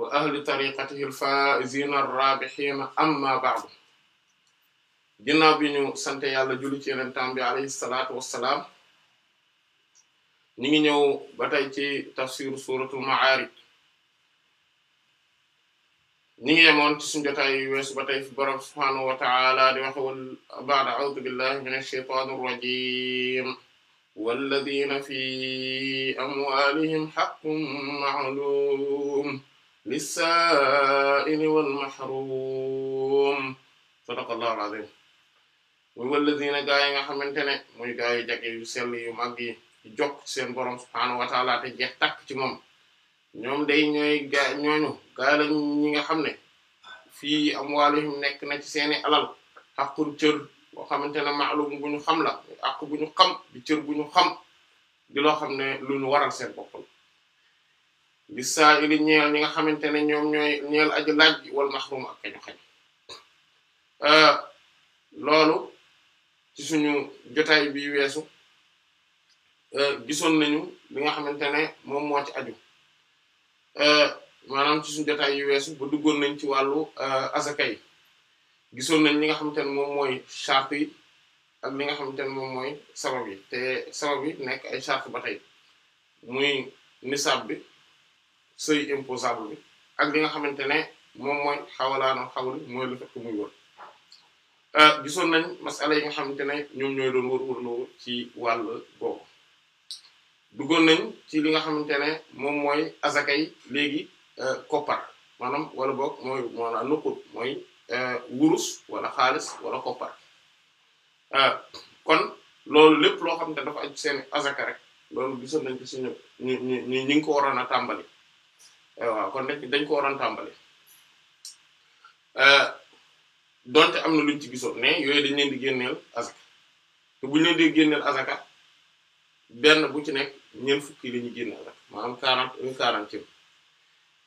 wa ahli tariqatihi al-faa'iziina ar-raabihiina amma ba'du ginnaaw bi ñu sant yàlla julli ci yenentaan bi alayhi salaatu ngi ñëw ba ci tafsir suuratul Ma'aarij ñu ngi yemoon ci suñu jotaay yu weesu ba tey borom subhaanahu wa ta'aala di wax wal ba'da a'uudu billahi minash shaytaanir lis-saa'ili wal mahruum sadaqallahu al-azim muy walladina gaa yi nga xamante ne muy gaa yu jage yu sell yu mag yi jokk seen borom subhaanahu wa taala te jeex tàkk ci moom ñoom day ñooy gaa ñooñu gaa lañ ñi nga xam ne fii amwaalihim nekk na ci seeni alal xaqul cër boo xamante ne ma'lum bu ñu xam la àq bu ñu xam di cër bu ñu xam loo xam ne lu ñu waral seen bopp li saa ili ñeel ñi nga xamante ne ñoom ñooy ñeel aju laaj ji wal maxrum ak kañu xañ euh, loolu ci suñu jotaay bi weesu euh, gisoon nañu li nga xamante ne moom moo ci aju euh, maanaam ci suñu yu weesu ba duggoon nañ ci wàllu azaka yi gisoon nañ li nga xamante ne moom mooy charte yi ak li nga xamante moom mooy sabab yi te sabab yi nekk ay charte ba tey muy nisab bi sëy imposable bi ak li nga xamante ne moom mooy xawalaanam xawli mooy lu fekk muy wër euh, gisoon nañ masala yi nga xamante ne ñoom ñooy doon wër wër loo ci wàll googu duggoon nañ ci li nga xamante ne moom mooy azakay léegi euh, koppar maanaam wala boog mooy maanaam nuqut mooy euh, wurus wala xaalis wala koppar kon loolu lépp loo xamante ne dafa aju seen azaka rek loolu gisoon nañ ko si ñu ñu ñu ñu ngi ko waroon a tàmbali Eh, waaw kon nag dañ ko waroon tàmbali eh, donte am na luñ ci gisoon mais yooyu dañ leen di génneel azaka te bu leen di génneel azaka benn bu ci nekk ñeent fukki la ñuy génne azaka maanaam quarante ci quarantième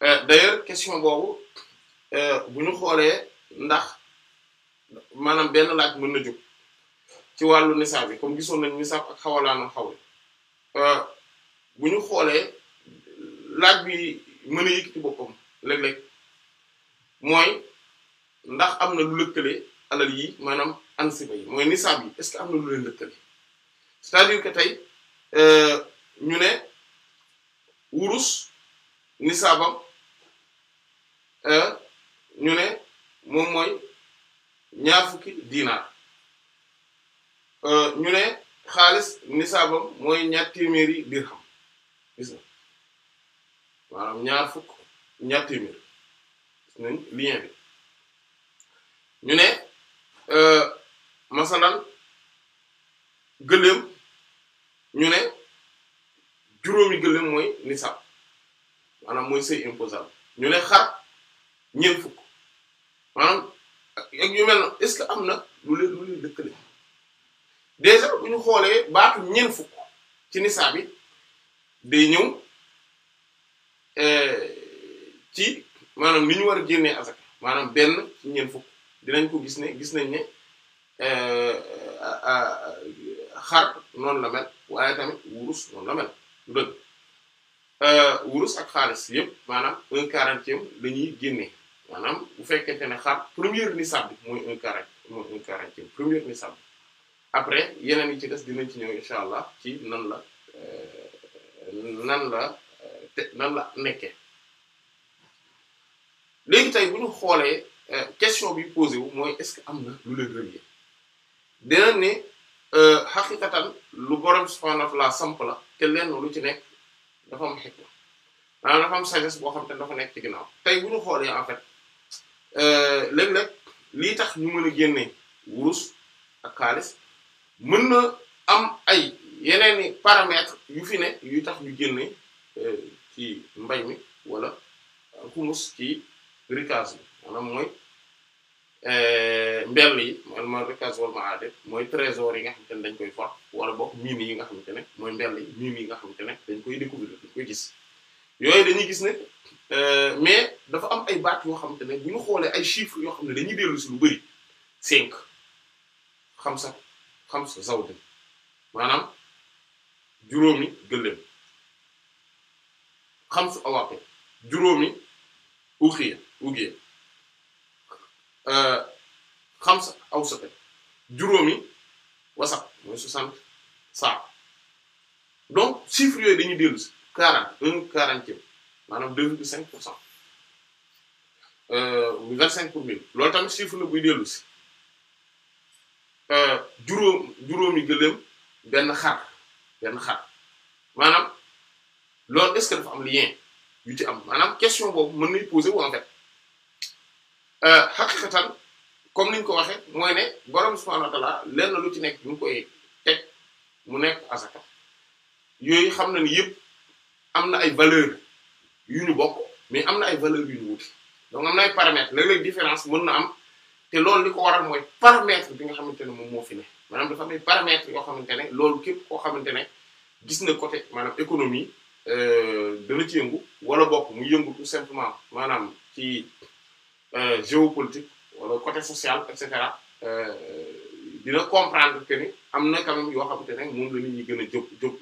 eh, d'ailleurs question boobu bu ñu xoolee ndax maanaam benn laaj mën na jóg ci wàllu nisaab bi comme gisoon nañ nisaab ak xawalaanu xawle bu ñu xoolee laaj bi. mën a yëkkati boppam léeg-léeg mooy ndax am na lu lëkkale alal yi maanaam ansiba yi mooy nisaab yi est-ce que am na lu leen lëkkale cest que tey euh, ñu ne wurus nisaabam euh, ñu ne moom mooy ñaar fukki diinaar euh, ñu ne xaalis nisaabam mooy ñaar téeméeri dirham gis maanaam ñaar fukk ñaar téeméer gis nañ lien bi ñu ne euh, masalan gëléem ñu ne juróomi gëléem mooy nisab maanaam mooy seuil imposable ñu ne xar ñeent fukk maanaam ak yu mel noonu est-ce que am na lu leen lu leen dëkkale déjà bu ñu xoolee baatu ñeent fukk ci nisaab bi ñëw Euh, ci maanaam li ñu war a génnee asaka maanaam benn ci ñeent fukk dinañ ko gis ne gis nañ ne euh, euh, xar noonu la mel waaye tamit wurus noonu la mel dëgg wurus ak xaalis yëpp maanaam un quarantième la ñuy génnee maanaam bu fekkente ne xar première nisab bi mooy un quarante mooy un quarantième première nisab bi après yeneen ci des dinañ ci ñëw incha allah ci nan la nan la te lan la nekke léegi tey bu ñu xoolee euh, question bi posé wu mooy est-ce que am na lu leen relier dinañ ne euh, xaqiqatan lu borom subhanahu wa ta'ala samp la te lenn lu ci nekk dafa am xikma maanaam dafa am sagesse boo xam te dafa nekk ci ginnaaw tey bu ñu xoolee en fait euh, léeg-léeg lii tax ñu mën a génnee wurus ak xaalis mën na am ay yeneeni paramètres yu fi ne yu tax ñu génnee ci mbay mi wala xumus ci rikaas bi maanaam mooy eh, mbell yi maanaam rikaas wal ma'adir mooy trésor yi nga xamante ne dañ koy for wala boog mines yi nga xamante ne mooy mbell yi mines yi nga xamante ne dañ koy découvrir dañ koy gis yooyu dañuy gis ne eh, mais dafa am ay baat yoo xamante ne bu ñu xoolee ay chiffres yoo xam ne dañuy dellu si lu bari cinq xamsa xamsa zawd maanaam juróomi gëléem xamsu awaqi juróomi uxiya ugiya euh, xamsa awsata juróomi wasaq mooy soixante saa donc chiffre yooyu dañuy dellu si quarante un quarantième deux vingt cinq euh, pour mille loolu tamit chiffre la buy dellu si euh, juróom juróomi gëléem benn xar benn xar maanaam loolu est-ce que dafa am lien yu ci am maanaam question boobu mën nañu poser wu en fait euh, xaqiqatan comme niñ ko waxee mooy ne borom subhanahu wa ta'ala lenn lu ci nekk ñu koy teg mu nekk asaka yooyu xam na ni yëpp am na ay valeur yu nu bokk mais am na ay valeur yu ñu wuti donc am na ay paramètres la léeg différence mën na am te loolu li ko waral mooy paramètre bi nga xamante ne moom moo fi ne maanaam dafa am ay yoo xamante ne loolu képp koo xamante ne gis na côté économie Euh, dana ci yëngu wala bokk mu yëngu tout simplement maanaam ci euh, géopolitique wala côté social et cetera euh, dina comprendre que ni am na quand même yoo xamante ne moom la nit ñi gën a jub jub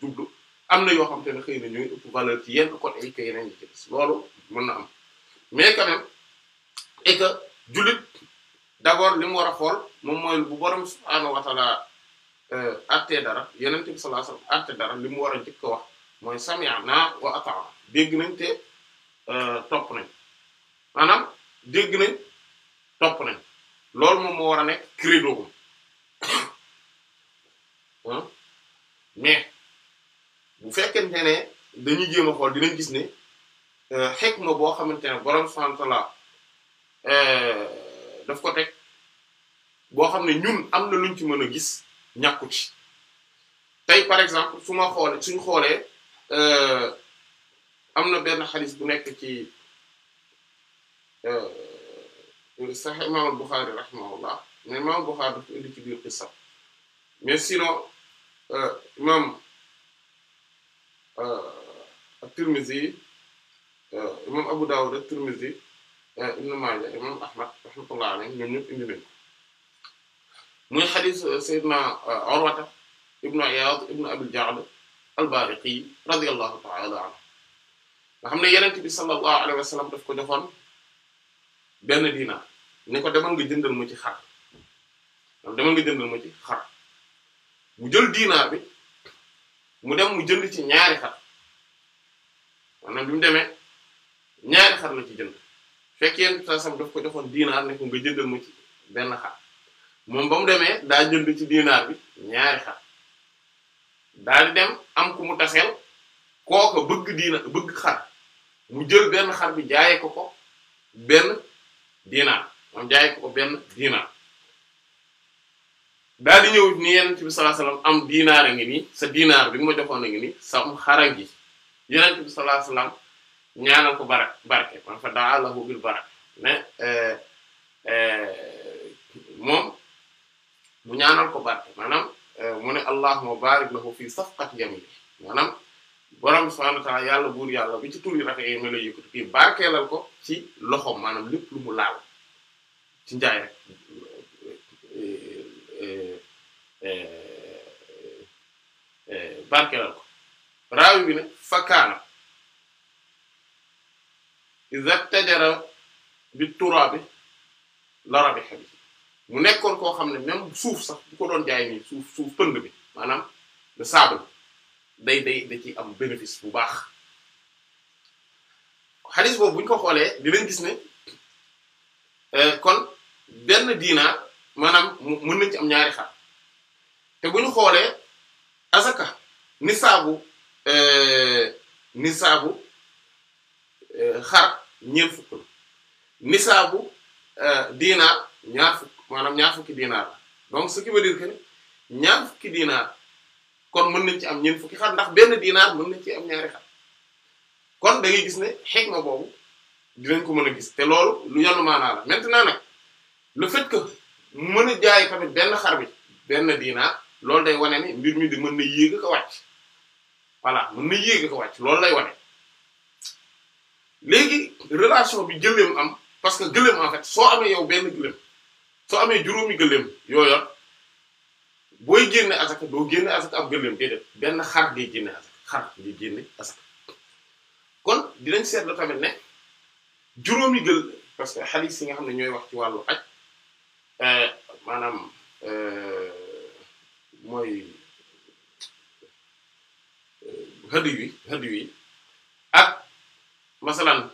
jublu am na yoo xamante ne xëy na ñooy ëpp valeur ci yenn côté yi que loolu mën na am mais quand même et jullit d'abord li mu war a xool moom mooy bu borom subhaanahu wa ta'ala àttee dara yeneen bi sallallahu alayhi wasallam dara li mu war a njëkk wax. mooy samia sami'na wa ata'na dégg nañ te euh, topp nañ maanaam dégg nañ topp nañ loolu moom moo war a nekk credo mais bu fekkente ne dañuy jéem a xool dinañ gis ne euh, xikma boo xamante ne borom sant la euh, daf ko teg boo xam ne ñun am na luñ ci mën a gis ñàkku ci tey par exemple su ma xoolee suñ xoolee. Euh, am na benn xadis bu nekk ci euh, Sahih Imam al-Bukhari rahimahullah mais Imam al-Bukhari dafa indi ci biir qissa mais sinon euh, Imam at-Tirmidhi Imam Abu Dawud at-Tirmidhi Ibn Maaja imam Ahmad rahmatullah alayhi ñoom ñëpp indi nañu muy xadis Seydina Urwata ibnu Iyaad ibnu Abil Ja'd al-Bariqi radiyallahu ta'ala anhu nga xam ne yenent bi sallallahu alayhi wa daf ko joxoon benn dinaar ni ko demal nga jëndal ma ci xar demal nga jëndal ma mu jël dinaar bi mu dem mu jënd ci ñaari xar maanaam bi mu demee ñaari xar la ci jënd fekk yenn tasam daf ko joxoon dinaar ne ko nga jëndal ma ci benn xar moom ba mu demee daa jënd ci dinaar bi ñaari xar daal di dem am ku mu taseel kooka bëgg diina bëgg xar mu jël benn xar bi jaayee ko ko benn diinaar moom jaayee ko ko benn diinaar daal di ñëw ni yonent bi sallallahu alayhi wasallam am diinaar a ngi nii sa diinaar bi nga ma joxoon a ngi nii sam xara ngi yonent bi sallallahu alayhi wasallam ñaanal ko barak barke man fa daa lahu bil barak mais eh, eh, moom mu ñaanal ko barke maanaam Eh, mu ne allahumma barik lahu fi safqati yamini maanaam borom subhanahu wa yàlla buur yàlla bi ci tur yi rafet yi ma lay ko ci loxo maanaam lépp lu mu laal ci njaay rek eh, eh, barkeelal ko raawi bi ne fakkaana iza tajara bi turaabi la rabiha bi mu nekkoon koo xam ne même suuf sax bu ko doon jaay mii suuf suuf pënd bi maanaam le sable day day da ci am bénéfice bu baax xaalis boobu bu ñu ko xoolee dinañ gis ne euh, kon benn diinaar maanaam mën nañ ci am ñaari xar te bu ñu xoolee asaka nisaabu euh, nisaabu euh, xar ñeent fukk la nisaabu diinaar ñaar fukk maanaam ñaar fukki dinaar la donc ce qui veut dire que ne ñaar fukki dinaar kon mën nañ ci am ñeent fukki xar ndax benn dinaar mën nañ ci am ñaari xar kon da gis ne xikma boobu dinañ ko mën a gis te loolu lu yanu maanaa la maintenant nag lu fait que mën a jaay tamit benn xar bi benn dinaar loolu day wane ni mbir mi di mën na yéeg a ko wàcc voilà mën na yéeg a ko wàcc loolu lay wane léegi relation bi gëléem am parce que gëléem en fait soo amee yow benn gëléem soo amee juróomi gëléem yooya booy génne asaka doo génne asaka ab gëléem déedéet benn xar ngay génne asaka xar ngay génne asaka kon dinañ seetlu tamit ne juróomi gël parce que xaalis yi nga xam ne ñooy wax ci wàllu ak eh, maanaam eh, mooy eh, hadiyu yi hadiyu yi ak masalan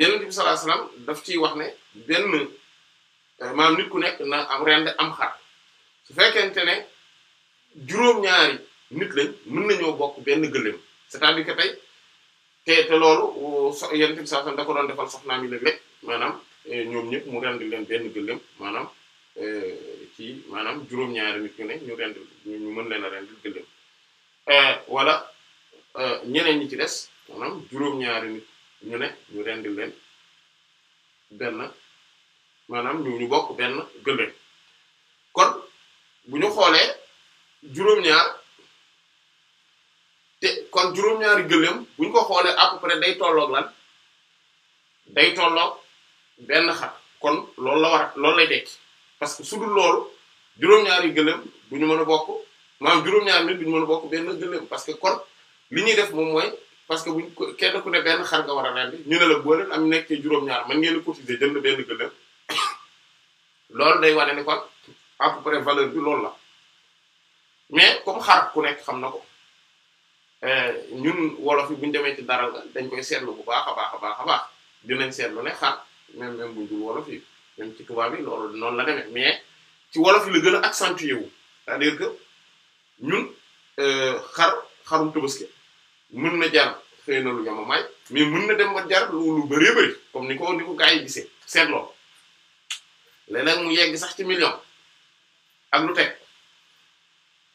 yeneen bi sallallahu alayhi daf ci wax ne benn euh, maanaam nit ku nekk na am rend am xar su fekkente ne juróom-ñaari nit lañ mën nañoo bokk benn gëléem c'est-à-dire que tey te te loolu so Yonent bi sallallahu alayhi wasallam da ko doon defal soxnaam yi maanaam e, ñoom ñëpp mu rend leen benn gëléem maanaam e, ci maanaam juróom-ñaari nit ñu ne ñu rend ñu mën leen a rend gëléem euh, wala euh, ñeneen ñi ci des maanaam juróom-ñaari nit ñu ne ñu rendil leen benn maanaam ñu ñu bokk benn gëléem kon bu ñu xoolee juróom-ñaar te kon juróom-ñaari gëléem bu ñu ko xoolee à day tolloog lan day tolloog benn xat kon loolu la war loolu lay dekk parce que su dul loolu juróom-ñaari gëléem bu ñu mën a bokk maanaam juróom-ñaar nit du ñu mën a bokk benn gëléem parce que kon li ñuy def moom mooy. parce que buñ kenn ku ne benn xar nga war a rendi ñu ne la boo leen am nekkee juróom-ñaar mën ngeen a cotiser jënd benn gëléem loolu day wane ne kon à peu près valeur bi loolu la mais comme xar ku nekk xam na ko euh, ñun wolof yi buñu demee ci dara ga dañ koy seetlu bu baax a baax a baax a baax dinañ seetlu ne xar même même bu dul wolof yi même ci tubaab yi loolu noonu la demee mais ci wolof yi la gën a accentué wu c'est-à-dire ñun euh, xar xarum tabaski mën na jar xëy na lu yamamaay mais mën na dem ma jar lu lu bëree bëri comme ni ko ni ko gars yi gisee seetloo léeg-léeg mu yegg sax ci million ak lu teg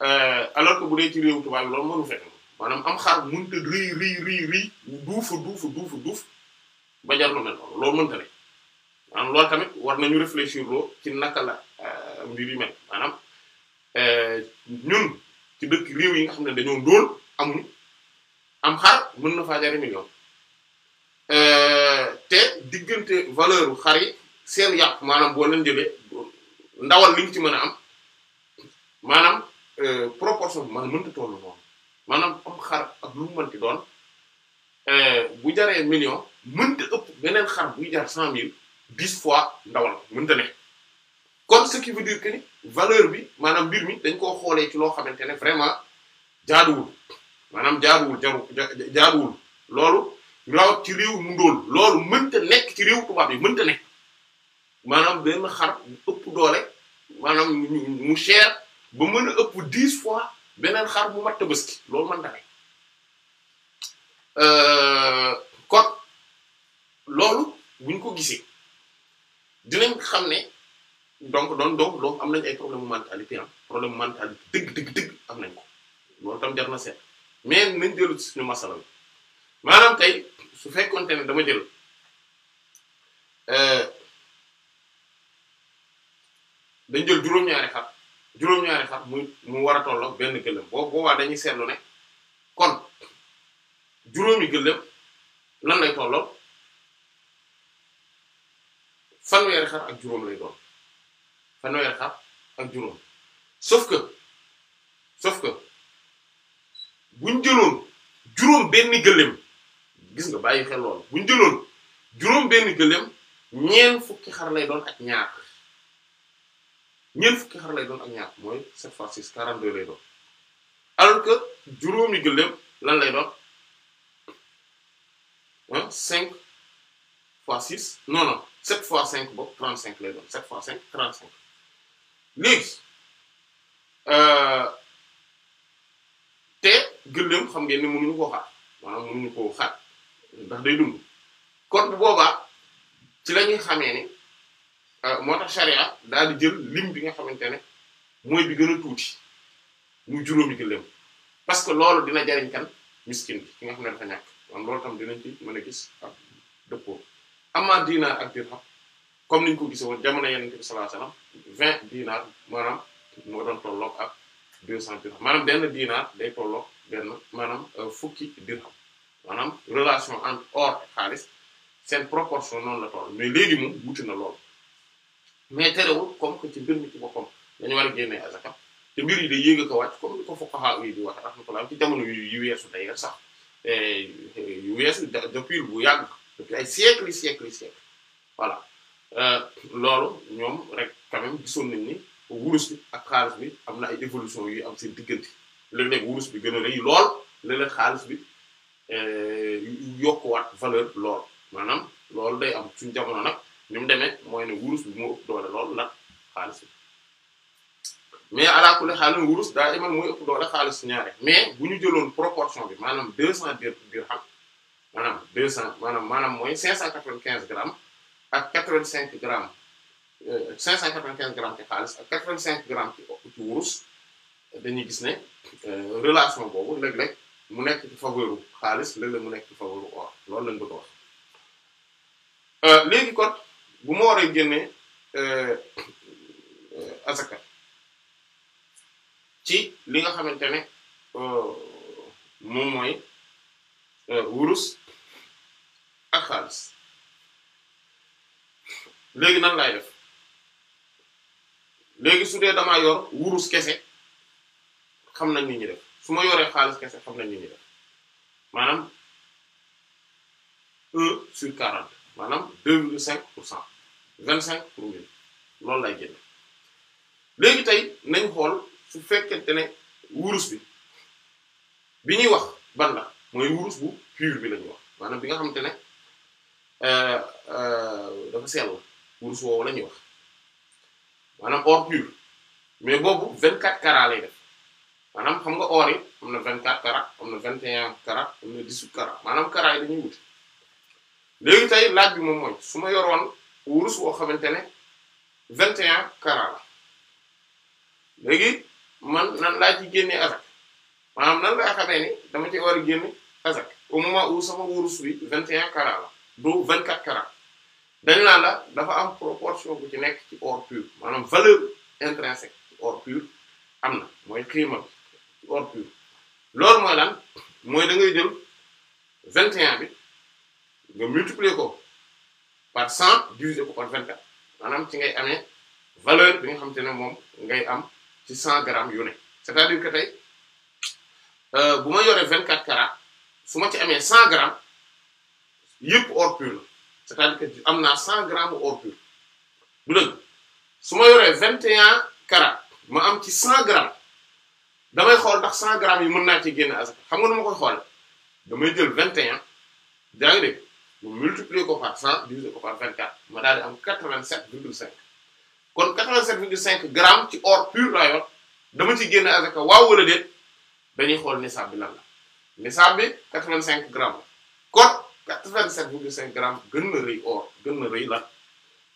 euh, alors que bu dee ci réewu tubaab loolu mënu fekk maanaam am xar mënta rëy rëy rëy ba jar lu mel noonu loolu tamit war nañu réfléchir loo ci naka la euh, mbir yi mel maanaam euh, ñun ci dëkk réew yi nga xam ne dañoo ndóol amuñu am xar mën na faa jari million euh, te diggante valeur u xar yi seen yàpp maanaam boo leen jëlee ndawal li nga ci mën a am maanaam euh, proportion bi maanaam mënta tollu noonu maanaam am xar ak lu mu mënti doon euh, bu jaree million mënta ëpp beneen xar buy jar cent mille dix fois ndawal mënta ne kon ce qui veut ni valeur bi maanaam mbir mi dañ ko xoolee ci loo xamante ne vraiment jaaduwul maanaam jaaruwul jaru jaaruwul loolu rawat ci réew mu ndóol loolu mënta nekk ci réew tubaab yi mënta nekk maanaam benn xar ëpp doole maanaam mu cher ba mën a ëpp dix fois beneen xar bu mat tabaski loolu mënta nekk euh, kon loolu buñ ko gisee dinañ xam ne donc doon donc donc am nañ ay problème mentalité am ah. problème mentalité dëgg dëgg dëgg am nañ ko loolu tam jar na seet mais nañ dellu ci suñu masala bi maanaam tey su fekkonte ne dama jël euh, dañ jël juróom-ñaari xar juróom-ñaari xar mu mu war a tolloog benn gëléem boo boobaa dañuy seetlu ne kon juróomi gëléem lan lay tolloog fanweeri xar ak juróom lay doon fanweeri xar ak juróom sauf que sauf que buñ jëloon juróom benn gëléem gis nga bàyyi xel loolu buñ jëloon juróom benn gëléem ñeen fukki xar lay doon ak ñaar ñeent fukki xar lay doon ak ñaar mooy sept fois six quarante-deux lay doon alors juróomi gëléem lan lay doon ah cinq fois six non non fois cinq boobu trente-cinq lay doon sept fois cinq trente-cinq léegi. Euh, gëléem xam ngeen ne mënuñu koo xaat maanaam mënuñu koo xaat ndax day dund kon boobaa ci la ñuy xamee ni euh, moo tax sharia daal di jël lim bi nga xamante ne mooy bi gën a tuuti mu juróomi gëléem parce que loolu dina jariñ kan miskin ki nga xam ne dafa ñàkk man loolu tam dinañ ci mën a gis ak dëppoo amaa diinaar ak dirham comme niñ ko gisee woon jamono Yonent bi sallallahu alayhi wasallam 20 diinaar moo doon tolloog ak 200 dirham maanaam benn diinaar day tolloog benn maanaam euh, fukki dirham maanaam relation entre or xaalis seen proportion noonu la toll mais léegi moom wuti na lool mais terewul comme que ci mbir mi ci boppam dañu war a génnee azaka te mbir yi day yéeg ko wàcc comme ni ko fuqaha yi di wax rahmatullah ci jamono yu weesu d'ailleurs sax yu weesu depuis bu yàgg depuis ay siècle siècle siècle voilà euh, loolu ñoom rek quand gisoon nañ ni wurus bi ak xaalis bi am na ay évolution yu am seen diggante léeg-léeg wurus bi gën a rëy lool léeg-léeg xaalis bi eh, yokkuwaat valeur lool maanaam loolu day am suñ jamono nag ni demee mooy ne wurus bi moo ëpp doole lool la xaalis bi mais ala kulli xaalis wurus daa iman mooy ëpp doole xaalis su ñaare mais bu ñu jëloon proportion bi maanaam deux cent dirham maanaam deux cent maanaam maanaam mooy cinq cent quatre-vingt-quinze grammes ak quatre-vingt-cinq grammes euh, cinq cent quatre-vingt-quinze ci xaalis ak quatre-vingt-cinq grammes ci wurus dañuy gis ne euh, relation boobu léeg-léeg mu nekk ci xaalis léeg-léeg mu nekk ci faveuru or loolu lañ bëgg a wax euh, léegi kon bu ma war a génne euh, azaka ci li nga xamante ne moom mooy wurus ak xaalis léegi nan laay def léegi su dee damaa yor wurus kese xam nañ ñu ñu def su ma yoree xaalis kese xam nañ ñu ñu def maanaam un sur quarante maanaam deux virgule cinq pour cent vingt cinq pour mille loolu lay génne léegi tey nañ xool su fekkente ne wurus bi bi ñuy wax ban la mooy wurus bu pur bi la wax maanaam bi nga xamante ne euh, euh, dafa sell wurus woowu la ñuy wax maanaam or pur mais boobu vingt quatre carats lay def maanaam xam nga or yi am na 24 carats am na 21 carats am maanaam carats yi dañuy wut léegi tey laaj bi moom mooy su ma yoroon wurus woo xamante ne 21 carats la léegi man nan laaj yi génnee azak maanaam nan laa xamee ni dama ci war a génne azak au moment où sama wurus wi 21 carats la du 24 carats dañ naan la dafa am proportion bu ci nekk ci or pur maanaam valeur intrinsèque ci or pur am na mooy xiima or pur loolu mooy lan mooy da ngay jël vingt et un bi nga multiplier ko par cent diviser ko par vingt quatre maanaam ci ngay ame valeur bi nga xamante ne moom ngay am ci cent grammes yu ne c'est-à-dire que tey euh, bu ma yoree vingt quatre carats su ma ci amee cent grammes yëpp or pur la dire que am naa cent grammes or pur du su ma yoree vingt et un ma am ci cent grammes damay xool ndax 100 grammes yi mën naa ci génne asaka xam nga nu ma koy xoole damay jël 21 yaa ngi dégg mu multiplier ko par 100 diviser ko par 24 ma daal di am 87,5 kon 87,5 grammes ci or pur laa yor dama ci génn asaka waaw wala déet dañuy xool nisaab bi lan la nisaab bi 85 grammes la kon 87,5 grammes gën na rëy or gën na rëy la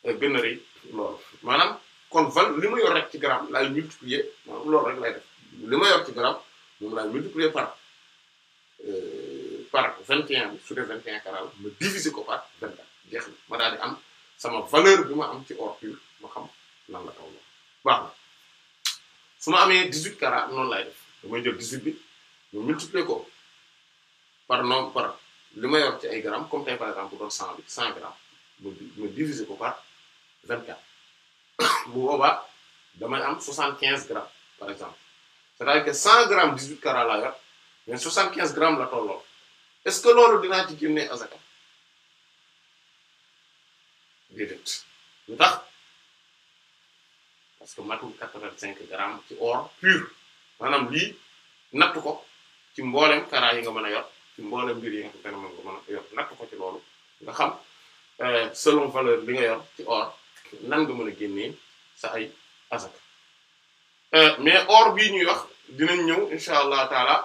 eh, gën na rëy loolu maanaam kon val li ma yor rek ci gramme laay multiplier maanaam loolu li ma yor ci garab moom laay multiplier par euh, par vingt et un su dee vingt et un ma diviser ko par vingt quatre jeex ma daal di am sama valeur bi ma am ci or pur xam lan la taw la baax na ma amee bi ma ko par nombre par li ma yor ci ay grammes comme tey par exemple bu doon ko par vingt quatre bu boobaa damay am soixante quinze grammes par exemple. c'est-à-dire que 100 grammes 18 carats laa yor mais grammes la tolloo est-ce que loolu dinaa ci génnee azaka déedéet lu tax parce que matul 85 grammes ci or pur maanaam lii natt ko ci mboolem carats yi nga mën a yor ci mboolem mbir yi nga xam nga mën a yor natt ko ci loolu nga xam eh, selon valeur bi nga yor ci or nan nga mën a génnee sa ay azaka. Euh, mais or bii ñuy wax dinañ ñëw incha allah taala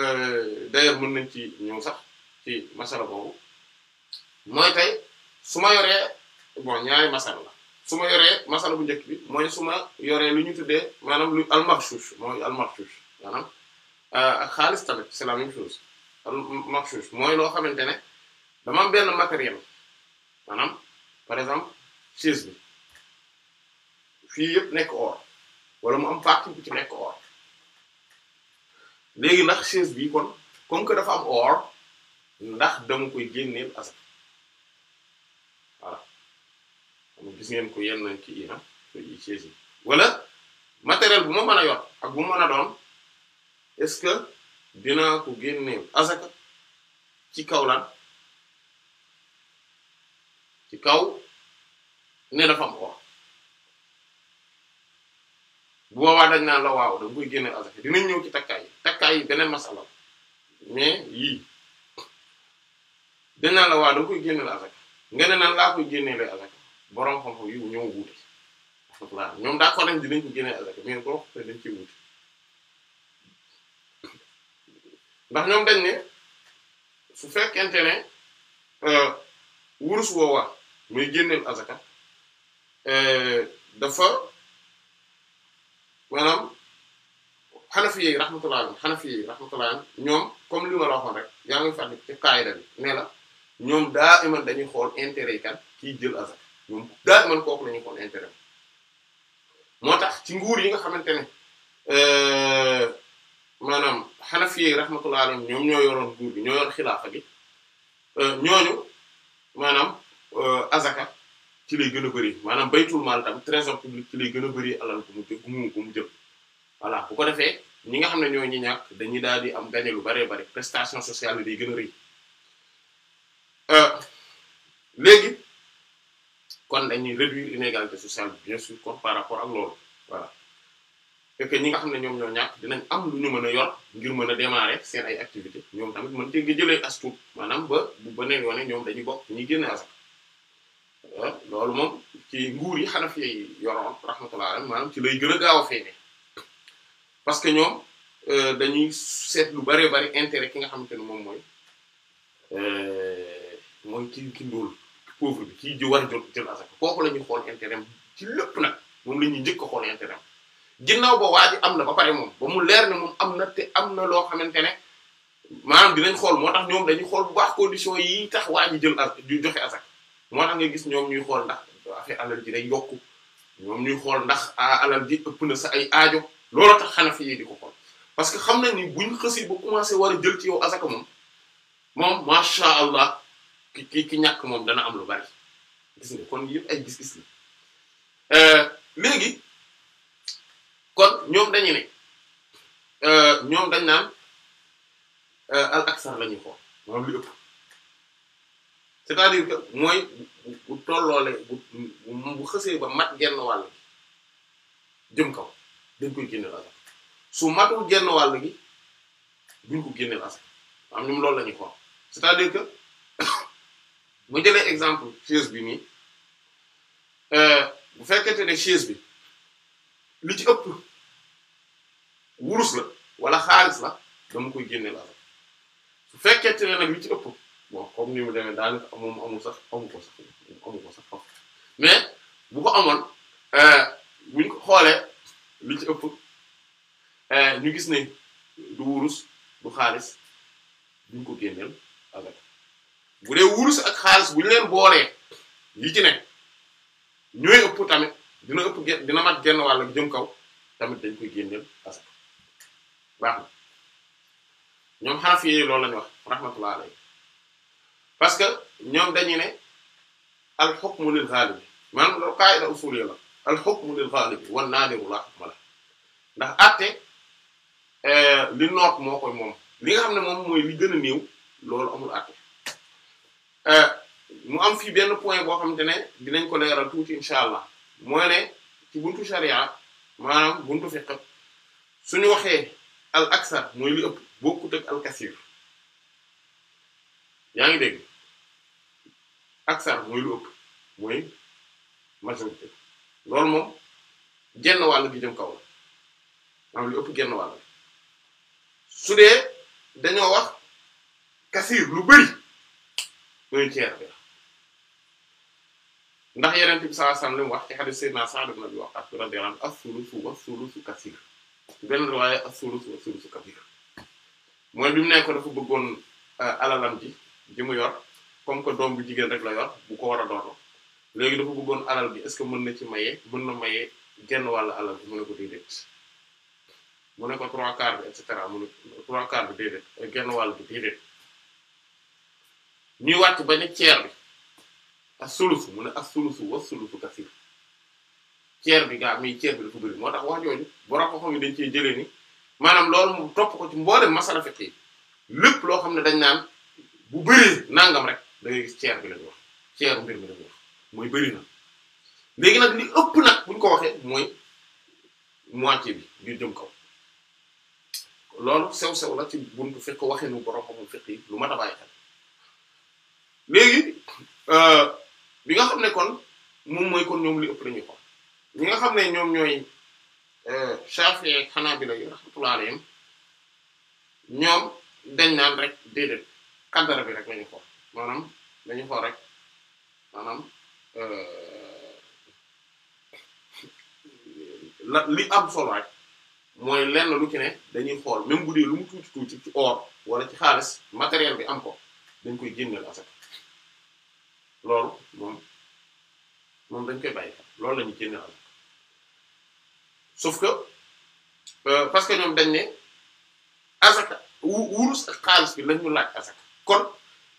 euh, d'ailleurs mën nañ ci ñëw sax ci masala boobu mooy tey su ma yoree bon ñaari masala la su ma yoree masala bu njëkk bi mooy su ma yoree lu ñu tuddee maanaam lu almarchouch mooy almarchouch maanaam ak euh, xaalis tamit c'est la même chose almarchouch mooy loo xamante ne dama benn matériel maanaam par exemple chaise bi fii yëpp nekk or wala mu am partie bu ci nekk or léegi ndax chaise bi kon comme que dafa am or ndax dama koy génneel asaka voilà gis ngeen ko yenn ci ina yi yi wala matériel bu ma mën a yor ak bu ma mën a doon est-ce que dinaa ko génneel asaka ci kaw lan ci kaw ne dafa am or bu boobaa dañ naan la waaw da buy génne azaka dinañ ñëw ci takkaay yi takkaay yi beneen masala mais yii dañ naan la waaw da koy génne la azaka nga ne naan laa koy génnee la azaka borom xam-xam yi ñoo wuute waaw ñoom d'accord nañ dinañ ko génnee azaka mais borom ndax ñoom dañ ne su fekkente ne euh, wurus woowa muy génneel azaka euh, dafa maanaam xanafi yi rahmatullah xanafi yi rahmatullah ñoom comme li ma la waxoon rek yaa ngi fàttali ci qaayida bi nee la ñoom daa iman dañuy xool intérêt yi kan ki jël azak ñoom daa iman kooku la ñuy xool intérêt moo tax ci nguur yi nga xamante ne euh, maanaam xanafi yi rahmatullah alayhim ñoom ñoo yoroon nguur bi ñoo yor xilaafa euh, ñooñu maanaam euh, azaka ci lay gën a bëri maanaam baytul maal tamit trésor public ci lay gën a bëri alal bu mu jë bu mu jëm voilà bu ko defee ñi nga xam ne ñoo ñi ñàkk dañuy daal di am gañe lu baree bari prestation sociale yi gën a rëy euh, léegi kon dañuy réduire inégalité sociale bi bien sûr kon par rapport ak loolu voilà et que xam ne ñoom ñoo ñàkk dinañ am lu ñu mën a yor ngir mën a démarrer seen ay activité ñoom tamit mën te nga jëlee as tuut maanaam ba bu beneen yoon ñoom dañuy bokk ñi génn asak loolu moom ci nguur yi xanafi yi yoroon rahmatullah alayhi ci lay gën a gaaw a feeñe parce que ñoom euh, dañuy seet lu bëree bëri intérêt ki nga xamante ne moom mooy euh, mooy ki ki ndóol pauvre bi kii ji war a jot jël asaka kooku la ñuy xool intérêt ci lépp nag moom la ñuy njëkk xool intérêt ginnaaw ba waa am na ba pare moom ba mu leer ne moom am na te am na loo xamante ne maanaam dinañ xool moo tax ñoom dañuy xool bu baax condition yi tax waa jël as joxe asaka moo tax nga gis ñoom ñuy xool ndax affaire alal ji day yokku ñoom ñuy xool ndax alal ji ëpp na sa ay aajo loolu tax xanafi yi di ko xool parce que xam na ni buñ xësi ba commencé war a jël ci yow asaka moom moom macha allah ki ki ñàkk moom dana am lu bari gis nga kon yëpp ay gis-gis la euh, léegi kon ñoom dañu ne euh, ñoom dañ naan euh, al aksar la ñuy xool c'est-à-dire que mooy bu tolloole bu bu xësee ba mat genn wàll gi jëm kaw dañ koy génne asaka su matul genn wàll gi duñ ko génne asaka am ñum loolu la ñuy c'est-à-dire que mu jëlee exemple chaise bi nii euh, bu fekkente ne chaise bi li ci ëpp wurus la wala xaalis la dama koy génne asaka su fekkente ne nag li ci ëpp bon comme ni mu demee daanaka moom amul sax amu ko sax amu mais bu ko amoon euh, buñ ko xoolee li ci ëpp euh, ñu gis ne du wurus du xaalis duñ ko génneel avec bu dee wurus ak xaalis bu ñu leen boolee yi ci ne ñooy ëpp tamit dina ëpp dina mat genn wàll jëm kaw tamit dañ ko génneel parce que baax na ñoom xanafi yi loolu lañu wax rahmatullah parce que ñoom dañu ne al hukmu lil ghalib maanaam loolu qaida usuliyya la al hukmu lil ghalib wan nadiru la hukma la ndax àtte euh, li noot moo koy moom li nga xam ne moom mooy li gën a néew loolu amul àtte euh, mu am fii benn point boo xamante ne dinañ ko leeral tuuti incha allah mooy ne ci buntu sharia maanaam buntu fiqh suñu waxee al aksar mooy li ëpp bokkut ak al kasir yaa ngi dégg sar mooy lu ëpp mooy majorité loolu moom genn wàll bi jëm kaw la maanaam lu ëpp genn wàll su dee dañoo wax kasir lu bari un tiers bi ndax yeneen bi saa alayhi wasallam li mu wax ci hadith sayyidina Sa'd ibn Abi Waqqas radiyallahu anhu as-sulusu was-sulusu kasir benn riwaaya mooy bi mu nekk dafa bëggoon euh, alalam ji ji mu yor comme que doom bu jigéen rek la yor bu ko war a doon léegi dafa bëggoon alal bi est-ce que mën na ci mayee mën na mayee genn wàll alal bi mu ne ko déedéet mu ne ko trois quarts bi et cetera mu ne trois quarts bi déedéet genn wàll bi déedéet ñuy wàcc ba ne ceer bi as-sulusu mu ne ak sulusu was-sulusu kasir ceer bi gaa mi ceer bi dafa bëri moo tax wax jooju borom ko xam ne dañ cee jëlee ni maanaam loolu mu topp ko ci mboolem masala lépp loo xam ne dañ naan bu bëri nangam rek da gis ceer bi lañu wax ceeru mbir mi mooy bëri na léegi nag li ëpp nag buñ ko waxee mooy moitié bi di jëm kaw loolu sew-sew la ci buntu fekk waxee nu borom xamul fekk lu mat a bàyyi léegi euh, bi nga xam ne kon moom mooy kon ñoom li ëpp lañuy ko ñi nga xam ne ñoom ñooy euh, Shafi'i ak Hanabila yi rahmatullahi alayhim ñoom dañ naan rek déedéet kaddara bi rek la ñu xool maanaam dañu xool rek maanaam euh, la li am solo rek mooy lenn lu ci ne dañuy xool même bu dee lu mu tuuti tuuti ci or wala ci xaalis matériel bi am ko dañ koy génneel asaka loolu moom moom dañ koy bàyyi loolu la ñu génneel asaka sauf que euh, parce que ñoom dañ ne asaka wurus ak xaalis bi lañ ñu laaj asaka kon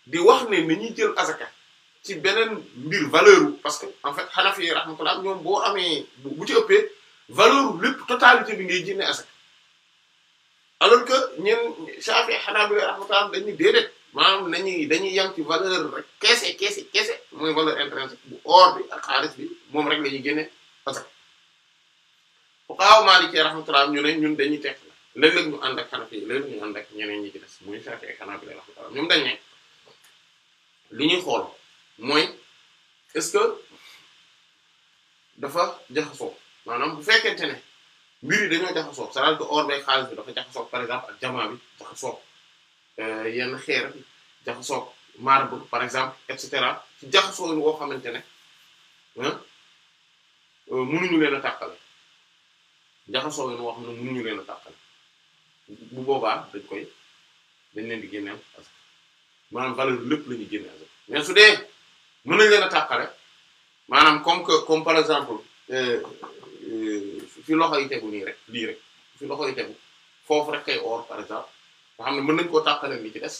di wax ne na ñuy jël azaka ci beneen mbir valeur parce que en fait xanafi yi rahmatullah ñoom boo amee bu ci ëppee valeur wu lépp totalité bi ngay génne azaka alors que ñeen Shafi Hanbali rahmatullah dañuy déedéet maanaam nañuy dañuy yam ci valeur rek keese keese keese mooy valeur intrinsèque bu or bi ak xaalis bi moom rek la ñuy génne azaka fuqaha Maliki rahmatullah ñu ne ñun dañuy teg léeg-léeg ñu ànd ak xanafi yi léeg-léeg ñu ànd ak ñeneen ñi ci des muy Shafi'i ak Hanbali rahmatullah ñoom dañ ne li ñuy xool mooy est-ce que dafa jaxasoo maanaam bu fekkente ne mbir yi dañoo jaxasoo c'est-à-dire que or beeg xaalis bi dafa jaxasoo ak jamaa bi jaxasoo euh, yenn xeer jaxasoo marbre par exemple et cetera ci jaxasoo xamante ne ah mënuñu leen a tàqale jaxasoo woo xam ne ñu leen a tàqale. bu boobaa dañ koy dañ leen di génneel as maanaam valeur bi lépp la ñuy génne mais su dee mën nañ leen a tàqale maanaam comme que comme par exemple euh, euh, fi loxo yi tegu nii rek lii rek fi loxo yi tegu foofu rek kay or par exemple nga xam ne mën nañ koo tàqale li ci des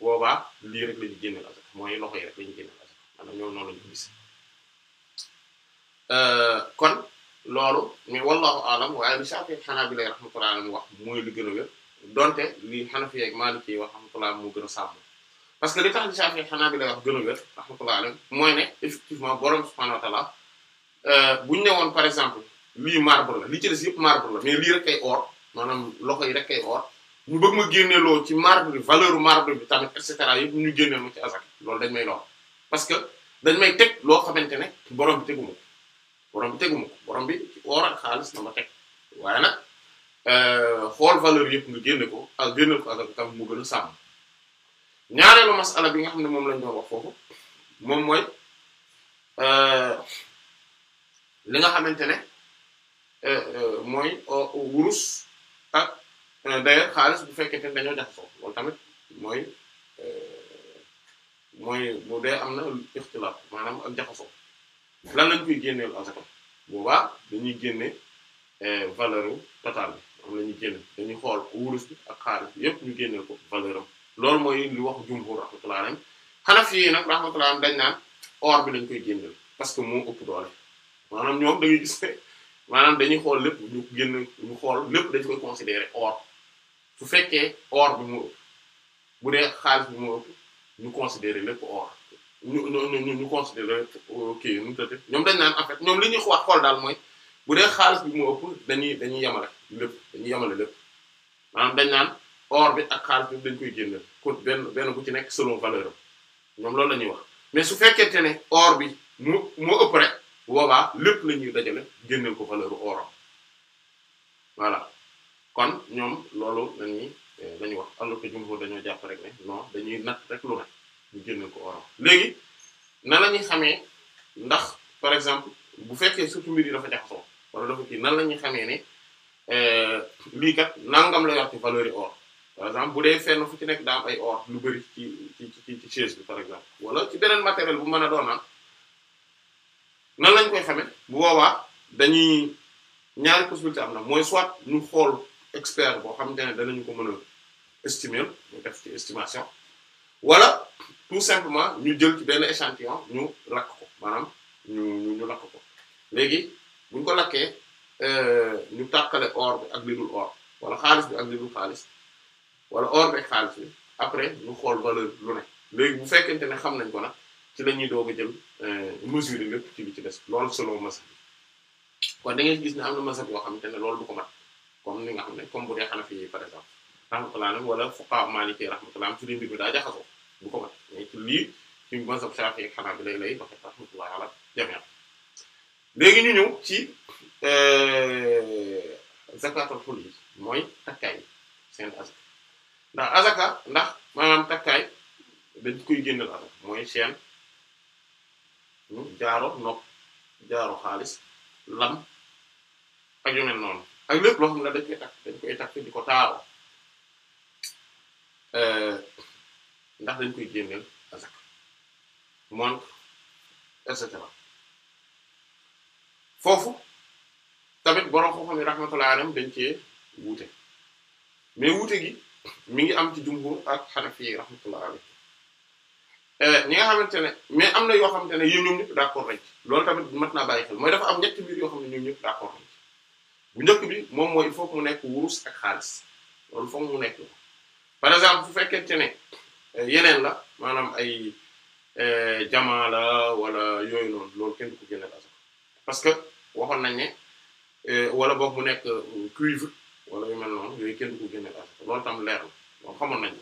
boobaa lii rek la ñuy génneel as mooy loxo yi rek la ñuy génneel as maanaam ñoo noonu la ñu gis euh, kon. loolu mais wallahu alam waaye li Shafi'i ak Hanbali rahmatullah alayhim wax mooy li gën a wér donte li Hanafi ak Maliki wax rahmatullah moo gën a sàmm parce que li tax li Shafi'i ak Hanbali wax gën a wér rahmatullah alayhim mooy ne effectivement borom subhanahu wa euh, bu ñu ne woon par exemple lii marbre la li ci des yëpp marbre la mais lii rek kay or maanaam loxo yi rek kay or ñu bëgg ma génneeloo ci marbre bi valeur marbre bi tamit et cetera yëpp ñu génneel ma ci azak loolu dañ may lool parce que dañ may teg loo xamante ne borom bi borom bi teguma borom bi ci oor ak xaalis na ma teg waaye nag euh, xool valeur yëpp nga génne ko ak génne ko ak tam mu gën a sàmm ñaareelu masala bi nga xam ne moom la doon wax foofu moom mooy euh, li nga xamante ne euh, mooy wurus ak d'ailleurs xaalis bu fekkente ne dañoo jaxasoo loolu tamit mooy mooy bu dee am na ixtilaaf maanaam ak jaxasoo lan lañ koy génneel asaka boobaa dañuy génne eh, valeur totale bi am lañuy génne dañuy xool wurus bi ak xaalis yépp ñu génneel ko valeur am loolu mooy li wax jumhur rahmatullah alayhi hanafi yi nag rahmatullah dañ naan or bi lañ koy génneel parce que moo ëpp doole maanaam ñoom da gis maanaam dañuy xool lépp ñu génn ñu xool lépp dañ koy considérer or su fekkee or bi moo ëpp bu dee xaalis bi moo ëpp ñu considérer lépp or ñu ñu ñu ñu considéré kii nu mu tëddee ñoom dañ naan en fait ñoom li ñuy wax xool daal mooy bu dee xaalis bi mu ëpp dañuy dañuy yemale lépp dañuy yemale lépp maanaam dañ naan or bi ak xaalis bi dañ koy génneel kon benn bu ci nekk selon valeur am ñoom loolu lañuy wax mais su fekkente ne or bi mu moo ëpp rek boobaa lépp la ñuy dajale génneel ko valeur oram voilà kon ñoom loolu la ñuy eh, wax alors que jumbo dañoo jàpp rek ne non dañuy nat rek lu ne. ñu génne ko oram léegi nan la ñuy xamee ndax par exemple bu fekkee surtout mbir yi dafa jaxasoo wala dafa kii nan la ñuy xamee ne euh, lii kat nangam la yor valeur yi or par exemple bu dee fenn fu ci nekk daam ay or lu bari ci ci ci ci chaise bi par exemple wala ci beneen matériel bu mën a doonaan nan lañ koy xamee bu boobaa dañuy ñaari possibilité am na mooy soit ñu xool expert boo xam xamante ne danañu ko mën a estimer ñu def ci estimation wala tout simplement ñu jël ci benn échantillon ñu lakk ko maanaam ñu ñu lakk ko léegi buñ ko lakkee euh, ñu tàqale or bi ak li dul or wala xaalis bi ak li dul xaalis wala or bi ak xaalis bi après ñu xool ba lu ne léegi bu fekkente ne xam nañ ko nag ci la ñuy doog a jël euh, mesure yi lépp ci li ci des loolu selon masab kon da ngay gis ne am na masab yoo xamante ne loolu du ko mat comme ni nga xam ne comme bu dee Hanafi par exemple rahmatullah wala fuqaha Maliki rahmatullah ci leen bi daa jaxasoo du ko mat mais ci lii ci mazhab Shafi'i ak Hanbali lay lay doxe rahmatullahi ala jami'a léegi ñu ñëw ci zakatul xul yi mooy takkaay seen azaka ndax azaka ndax takkaay dañ koy génneel azaka mooy seen jaaro nopp jaaro xaalis lam ak yu mel noonu ak lépp loo xam ne koy takk di ko taaro ndax dañ koy génneel azak montre et cetera foofu tamit borom xam-xam yi rahmatullahi alayhim dañ cee wuute mais wuute gi mi ngi am ci jumhur ak xanafi yi rahmatullahi alayhim eh, ñi nga xamante ne mais am na yoo xam ne yéen ñoom ñëpp d'accord nañ ci loolu tamit mat naa bàyyi xel mooy dafa am ñetti mbir yoo xam ne ñoom ñëpp d'accord nañ ci bu njëkk bi moom mooy il faut mu nekk wurus ak xaalis loolu foog mu nekk par exemple bu fekkente ne yeneen la maanaam ay eh, jamaa la wala yooyu noonu loolu kenn du ko génneel parce que waxoon nañ ne eh, wala boog mu nekk euh, cuivre wala yu mel noonu yooyu kenn du ko génneel loolu tam leer la moom xamoon nañ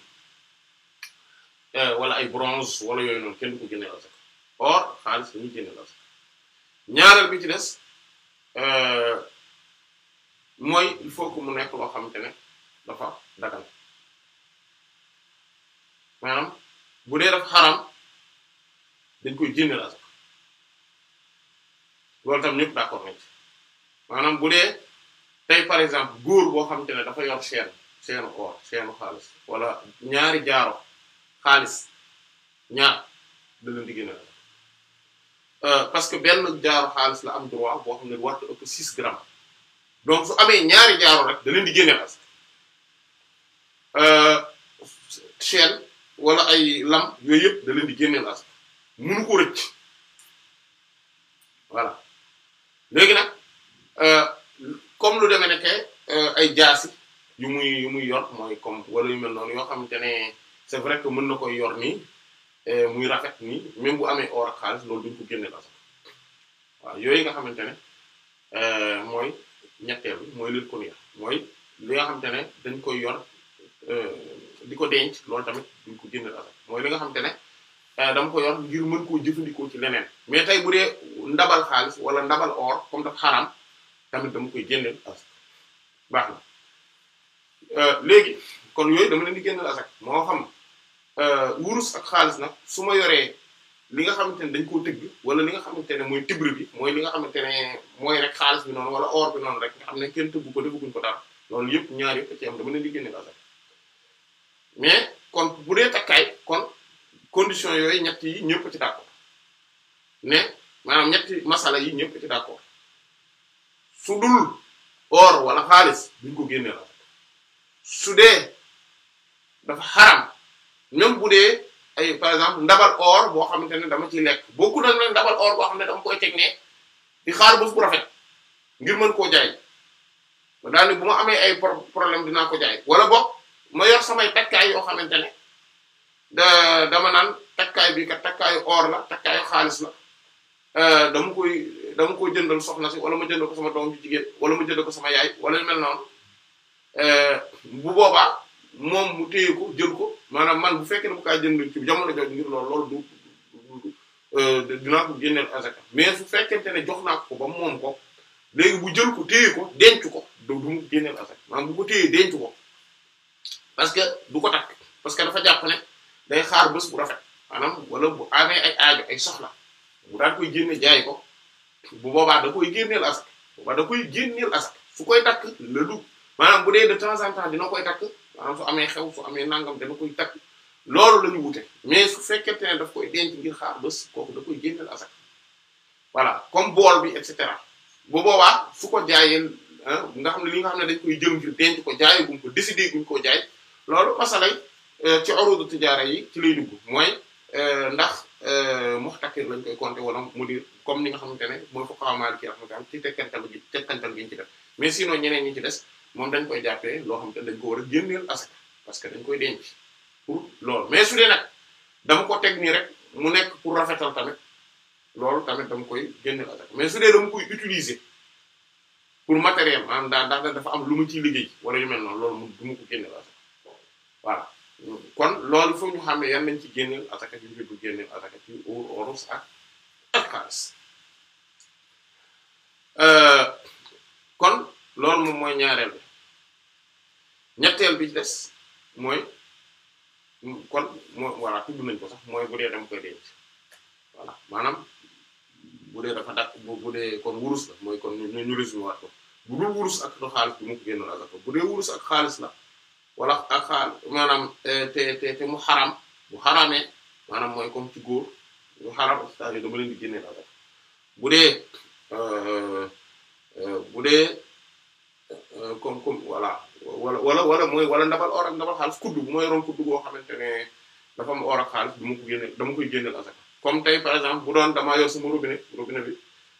eh, wala ay bronze wala yooyu noonu kenn du ko génneel asaka or xaalis dañuy génneel asaka ñaareel bi ci des mooy il faut que mu nekk loo xamante ne dafa dagal maanaam bu dee dafa xaram dañ koy génneel asaka loolu tam ñëpp d'accord nañ maanaam bu dee tey par exemple góor boo xamante ne dafa yor chaîne chaîne or chaîne xaalis wala ñaari jaaro xaalis ñaar euh, parce que benn jaaro xaalis la am droit boo xam ne war na ëpp 6 donc su amee ñaari jaaro rek da leen di génneel asaka euh, chaîne wala ay lam yooyu yëpp da leen di génneel as munu ko rëcc voilà léegi nag euh, comme lu deme nekke euh, ay jaasi yu muy yu muy yor mooy comme wala yu mel noonu yoo xamante ne c'est vrai que mën na koy yor nii euh, muy rafet nii même bu amee or xaalis loolu duñ ko génneel as waaw yooyu nga xamante ne mooy ñetteel bi mooy leen ko mooy li nga xamante ne dañ koy yor di ko denc loolu tamit duñ ko génne asaka li nga xam te ne eh, dama ko yor ngir mën koo jëfandikoo ci leneen mais tey bu dee ndabal xaalis wala ndabal or comme daf xaram tamit dama koy génneel asaka baax na eh, léegi kon yooyu dama leen di génneel moo xam eh, wurus ak xaalis nag su ma yoree li nga xamante ne dañ koo tëgg wala li nga xamante ne mooy tibre bi mooy li nga xamante ne mooy rek xaalis bi noonu wala or bi noonu rek nga xam ne kenn tëggu ko defaguñ ko dara loolu yëpp ñaar yëpp ci am dama leen di génneel asaka mais kon bu dee takkaay kon condition yooyu ñett yi ñëpp ci d'accord mais maanaam ñetti masala yi ñëpp ci d'accord su dul or wala xaalis duñ ko génne la su dee dafa xaram même bu dee ay par exemple ndabal or boo xamante ne dama ciy lekk bokkul ak nag ndabal or boo xam ne dama koy teg ne di xaar bés bu rafet ngir mën koo jaay daal ne bu ma amee ay problème dinaa ko jaay wala boog ma yor samay takkaay yoo xamante ne da dama naan takkaay bi kat takkaayu or la takkaayu xaalis la euh, dama koy dama ko jëndal soxna si wala ma jënd ko sama doom bi jigéen wala ma jënd ko sama yaay wala mel noonu euh, bu boobaa moom mu téye ko jël ko maanaam man bu fekkee ne bu kaa jënd ci jamono jooju ngir lool loolu du euh, dinaa ko génneel asaka mais su fekkente ne jox naa ko ba moom ko léegi bu jël ko téye ko denc ko du mu génneel asaka maanaam bu ko téye ko parce que du ko takk parce que dafa jàpp ne day xaar bés bu rafet maanaam wala bu amee ay aajo ay soxla bu daan koy génne jaay ko bu boobaa da koy génneel asak boobaa da koy génneel asak fu koy takk la du maanaam bu dee de temps en temps dina koy takk maanaam su amee xew su amee nangam dana koy takk loolu la ñu wute mais su fekkente ne daf koy denc ngir xaar bés kooku da koy génneel asak voilà comme bool bi et cetera bu boobaa fu ko jaayee ah, nga xam ne li nga xam ne dañ koy jël ngir denc ko jaayee guñ ko décider guñ koo jaay. loolu masalay euh, ci urudu tijaara yi ci lay dugg mooy euh, ndax euh, muxtakir lañ koy compter wala mudir comme ni nga xamante ne mooy fuqaha ci tekkantal gi tekkantal gi ñu ci def mais ci des moom dañ koy jàppee loo xamante ne dañ ko war a génneel asaka parce que dañ koy denc pour loolu mais su dee nag dama ko teg nii rek mu nekk pour rafetal tamit loolu tamit dama koy génneel asaka mais su dee dama koy utiliser pour matériel maanaam daa daa dafa am lu mu ciy liggéey wala yu mel noonu loolu mu du ko génneel asaka voilà kon loolu foofu ñu xam ne yan lañ ci génneel asaka yu njëkk génneel asaka ci óor oros ak ak xaalis euh, loolu mooy ñaareel bi bi des mooy kon moo voilà tudd nañ ko sax mooy bu dee dama koy denc maanaam bu dee dafa dakk bu dee kon wurus la mooy kon ñu ñu résumé bu dul wurus ak xaalis bi mu ko asaka bu dee wurus ak xaalis la wala ak xaal maanaam te te te mu xaram bu xarame maanaam mooy comme ci góor mu xaram cest dama leen génne la bu dee euh, euh, bu dee euh, comme comme voilà wala wala wala mooy wala ndabal or ak ndabal xaalis kuddu bu ma yoroon kuddu goo xamante ne dafa am or ak xaalis du ma ko génne dama koy génneel comme tey par exemple bu doon damaa yor sama robinet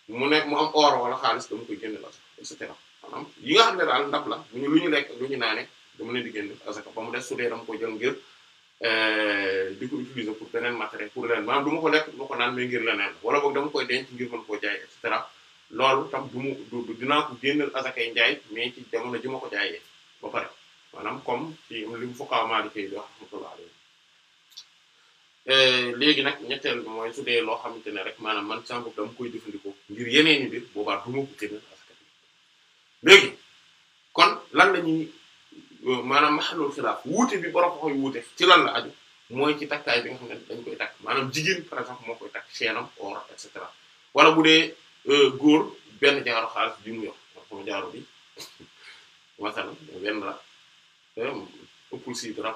bi mu ne mu am or wala xaalis dama koy génneel asaka et cetera yi nga xam ne daal ndab la bu ñu lu ñu lekk lu ñu naane dama leen di génne asaka ba mu des su dama ko jël ngir euh, di ko utiliser pour beneen matériel pour leneen maanaam du ma ko lekk du ma ko naan mais ngir leneen wala boog dama koy denc ngir mën koo jaay et cetera loolu tam du mu dinaa ko génneel asakay njaay mais ji ma ko jaayee ba pare maanaam comme ci li mu fuqahaa Maaliki di wax rahmatullah alayhi euh, léegi nag ñetteel bi mooy su dee loo xamante ne rek maanaam man sànq dama koy jëfandikoo ngir yeneen i mbir boobaa du ma ko génneel asaka léegi kon lan la Euh, maanaam mahalul xilaaf wuute bi borom koy wuute ci lan la aju mooy ci takkaay bi nga xam ne dañ koy takk maanaam jigéen par exemple moo koy takk cheenam or et cetera wala bu dee euh, góor benn jaaro xaalis bi mu yor sama jaaro bi masala benn la euh, ëppul si dara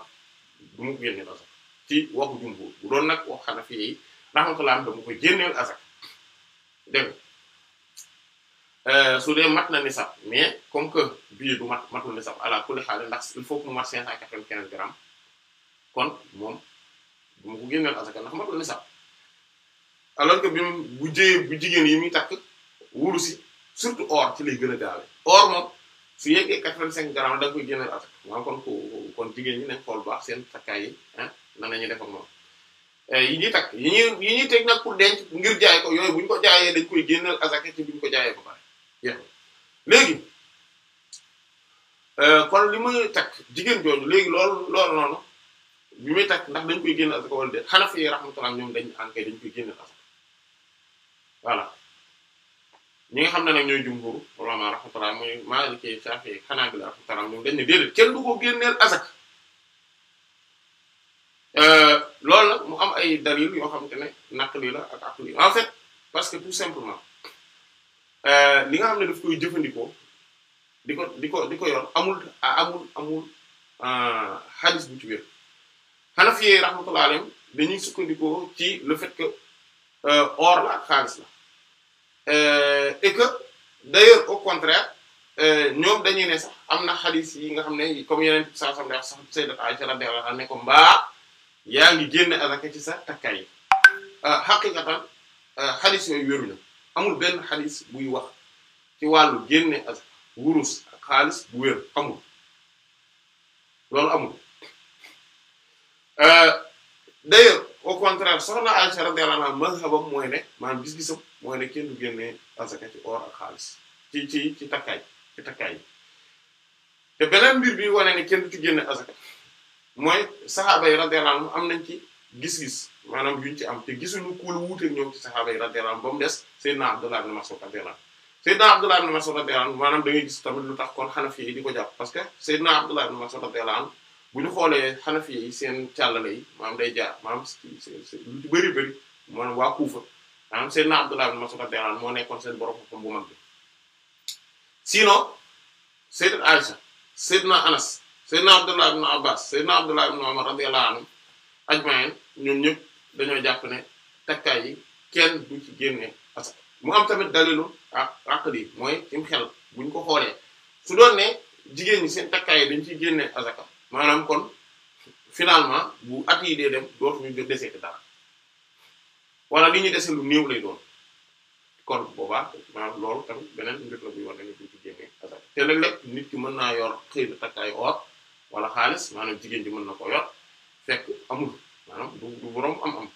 du ma ko génneel azak ci waxu jumbu bu doon nag wax xanafi yi rahmatullah dama ko génneel azak dégg Euh, su dee mat na nisab mais comme que bii du mat matul nisab ala kulli xaal ndax il faut que mu mat 595 grammes kon moom bu ma ko génneel asaka ndax matul nisab alors bi bu jëyee bu jigéen yi muy takk wuru surtout or ci lay gën a daal or moom su yeggee 85 grammes da nga koy génneel asaka maanaam kon kon jigéen ñi nañ xool baax seen takkaay yi ah nan la ñuy def ak moom. Euh, yi ñuy takk yi ñuy yi ñuy teg nag pour denc ngir jaay ko yooyu bu ñu ko jaayee dañ koy génneel asaka ci bu ñu ko jaayee ba pare. léegi euh, kon li muy tak jigéen jooju léegi lool loolu noonu bi muy takk ndax dañ koy génne asaka wala déet xanaa fi rahmatullah ñoom dañ an kay koy génne voilà ñi nga xam ne nag ñooy jumhur ulama rahmatullah muy Maliki Shafi'i Hanabila rahmatullah ñoom dañ ne déedéet kenn du ko génneel asaka euh, loolu nag mu am ay dalil yoo xamante ne naqli la ak aqli en fait parce que tout simplement Euh, li nga xam ne daf koy jëfandikoo diko ko di ko di ko yor amul amul amul hadith euh, bu ci wér Hanafi yi dañuy sukkandikoo ci le fait que euh, or la ak xaalis la et que d'ailleurs au contraire ñoom dañuy ne sax am na hadith yi nga xam ne comme yeneen saa sam wax mbaa yaa ngi génne azaka ci sa takkaay yi haqiqatan hadith yooyu wéruñu amul benn xadis buy wax ci wàllu génne ak wurus ak xaalis bu wér amul loolu amul euh, d'ailleurs au contraire soxna Aisha radiyallahu anha mazhabam mooy ne maanaam gis-gisam mooy kenn génne azaka ci or ak xaalis ci ci ci takkaay ci takkaay te beneen mbir bi wane ne kenn du ci génne azaka mooy saxaaba yi radiyallahu anhum am nañ ci gis-gis maanaam yuñ ci am te gisuñu ku wuuteeg ñoom ci saxaaba yi radiyallahu des Seydina Abdullah ibn Mas'ud radiyallahu anhu Seydina Abdullah ibn Mas'ud radiyallahu anhu maanaam da gis tamit lu tax kon Hanafi yi di ko jàpp parce que Seydina Abdullah ibn Mas'ud radiyallahu anhu bu ñu xoolee Hanafi yi seen càllale yi moo nekkoon seen borom Abdullah ibn Abbas Seydina Abdullah ibn ñoom ñëpp dañoo jàpp ne takkaay yi kenn du ci génne parce que mu am tamit dalilu ah aqli mooy im xel buñ ko xoolee su doon ne jigéen ñi seen takkaay dañ ciy génne azaka maanaam kon finalement bu at yi dee dem dootuñu ñu deseeti dara wala li ñuy dese lu néew lay doon kon boobaa maanaam loolu tamit beneen mbir la buy war dañu duñ ci génnee azaka te léeg-léeg nit ki mën naa yor xëy na takkaay or wala xaalis maanaam jigéen ji mën na ko yor fekk amul maanaam du du am am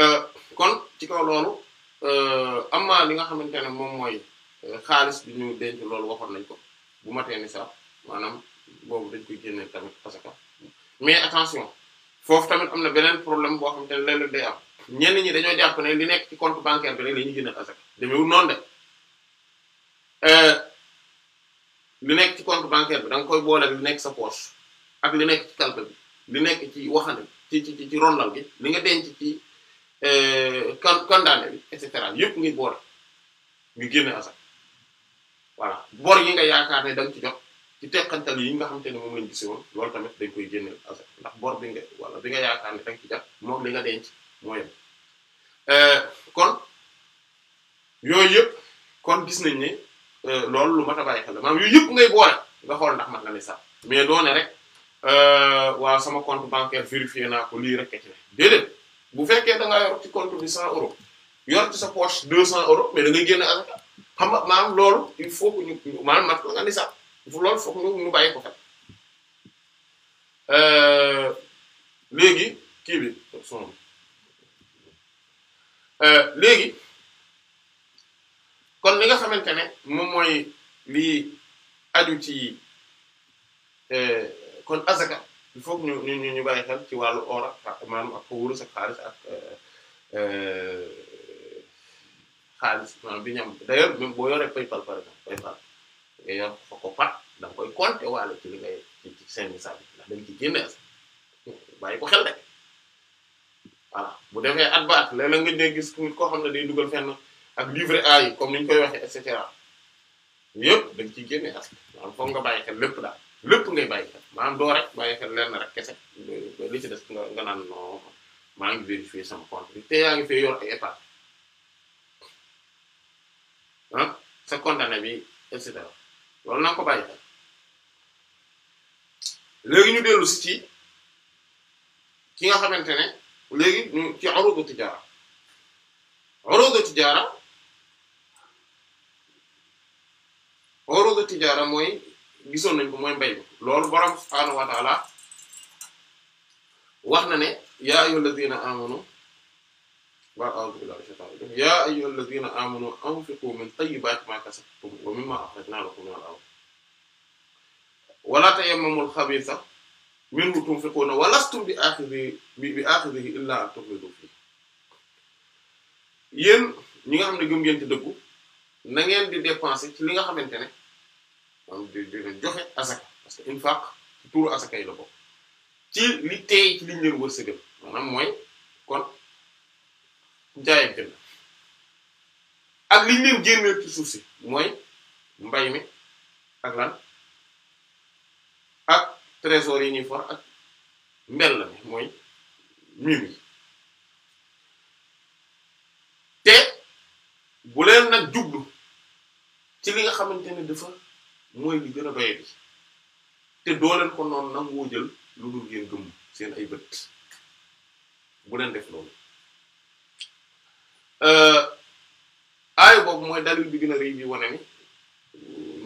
euh, kon ci kaw loolu euh, am na li nga xamante ne moom mooy euh, xaalis bi ñu denc loolu waxoon nañ ko bu matee ni sax maanaam boobu dañ koy génne tamit parce que mais attention foofu tamit am na beneen problème boo xamante ne léeg-léeg day am ñenn ñi dañoo jàpp ne li nekk ci compte bancaire bi rek la ñuy génne asaka demeewul noonu de euh, nekk ci compte bancaire da nga koy booleel ak li nekk sa poche ak li nekk ci kalpe bi li nekk ci waxande ci ci ci ronlal gi li nga denc ci Euh, kon condamné bi et cetera yëpp ngay boole ñu génne asaka voilà bor yi nga yaakaar ne da nga ci jot ci teqantal yi nga xamante ne moom lañ gisoon loolu tamit dañ koy génne asaka ndax bor bi nga bi nga yaakaar ne da ci jot moom li nga denc moo yem euh, kon yooyu yëpp kon gis nañ ne euh, loolu lu mat a bàyyi xel la maanaam yooyu yëpp ngay boole nga xool ndax mat na ne sax mais doone rek waaw sama compte bancaire vérifié naa ko lii rek ci ne déedéet. bu fekkee da ngaa yor ci compte bi 100 yor ci sa poche 200 euros mais da ngay génne asaka xam nga maanaam loolu il faut que ñu maanaam mat la nga ni sax loolu foog ñu ñu bàyyi ko xel euh, léegi kii bi son euh, léegi kon li nga xamante ne moom mooy lii aju ci euh, kon azaka il ñu ñu ñu bàyyi xel ci wàllu or ak maanaam ak ko wurus ak xaalis ak euh, euh, xaalis maanaam bi ñu am d'ailleurs même PayPal par exemple PayPal nga yor fa ko pat da koy compter waale ci li ngay ci seen misaal ndax dañ ci génne as bàyyi xel rek voilà bu defee at ba at léeg-léeg nga gis nit koo xam ne day dugal fenn ak livret A yi comme ni koy waxee et cetera yëpp dañ ciy génne as foog nga bàyyi xel lépp daal. lépp ngay bàyyi xel maanaam doo rek bàyyi xel lenn rek kese li des nga naan non maa ngi vérifier sama compte bi te yaa ngi fee yor ay état ah sa condamné bi et cetera loolu na ko bàyyi xel léegi ñu dellu si ci ki nga xamante ne léegi ñu ci urudu tijaara urudu tijaara urudu tijaara mooy. gisoon nañ ko mooy mbay mi loolu borom subhaanahu wa wax na ne yaa ayyuhallazina amanu wa a'udhu billahi minash shaytanir rajim yaa ayyuhallazina amanu anfiqu min tayyibati ma kasabtum wa mimma akhrajna lakum min al-ardh wa la tayammamul khabitha minhu tunfiquna wa lastum bi akhidhi bi akhidhihi ñi nga xam ne gëm ngeen ci dëggu na di dépenser ci li nga xamante ne maanaam di di leen joxe asaka parce que infaq ci tuuru asaka yi la bokk ci li teey ci liñ leen wërsëgal maanaam mooy kon jaayam jënd ak liñ leen génneel ci suuf si mooy mbay mi ak lan ak trésor yi ñuy for ak mbel la mi mooy miim yi te bu leen nag jublu ci li nga xamante ne dafa mooy li gën a doye bi te doo leen ko noonu nangoo jël lu dul ngeen gëm seen ay bët bu leen def loolu euh, aaya boobu mooy dalil bi gën a rëy bi wane ni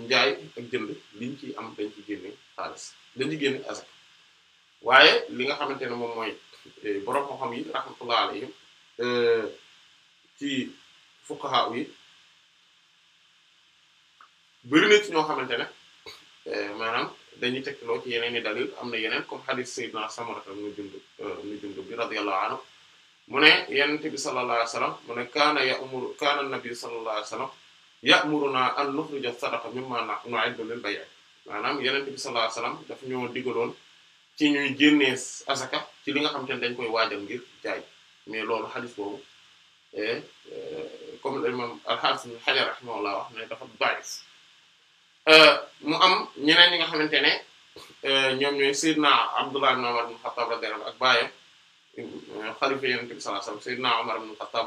njaay ak jënd liñ ci am dañ ci génne xaalis dañ ci génne asak waaye li nga xamante ne moom mooy eh, borom xam-xam yi rahmatullah alayhim euh, ci fuqaha yi bëri na ñoo xamante ne eh, maanaam dañuy tegtaloo ci yeneen i dalil am na yeneen comme hadith sayyidina Samura ibn Jundub eh, ibn Jundub bi radiyallahu anhu mu ne yonent bi sallallahu alayhi wasallam mu ne kaana ya'muru kaana an-nabi sallallahu alayhi wasallam ya'muruna an nukhrija sadaqa mimma nu'iddu lil bay' maanaam yonent bi sallallahu alayhi wasallam daf ñoo digaloon ci ñuy génnee asaka ci li nga xamante ne dañ koy waaja ngir jaay mais loolu hadith boobu eh, comme l'imam al-Hafiz ibn Hajar rahimahullah wax ne Euh, mu am ñeneen ñi nga xamante ne euh, ñoom ñooy Seydina na ibn Umar ibn Khattab radiyallahu anhu ak baayam euh, xalifa Yonent bi sallallahu alayhi wasallam Seydina Umar ibn Khattab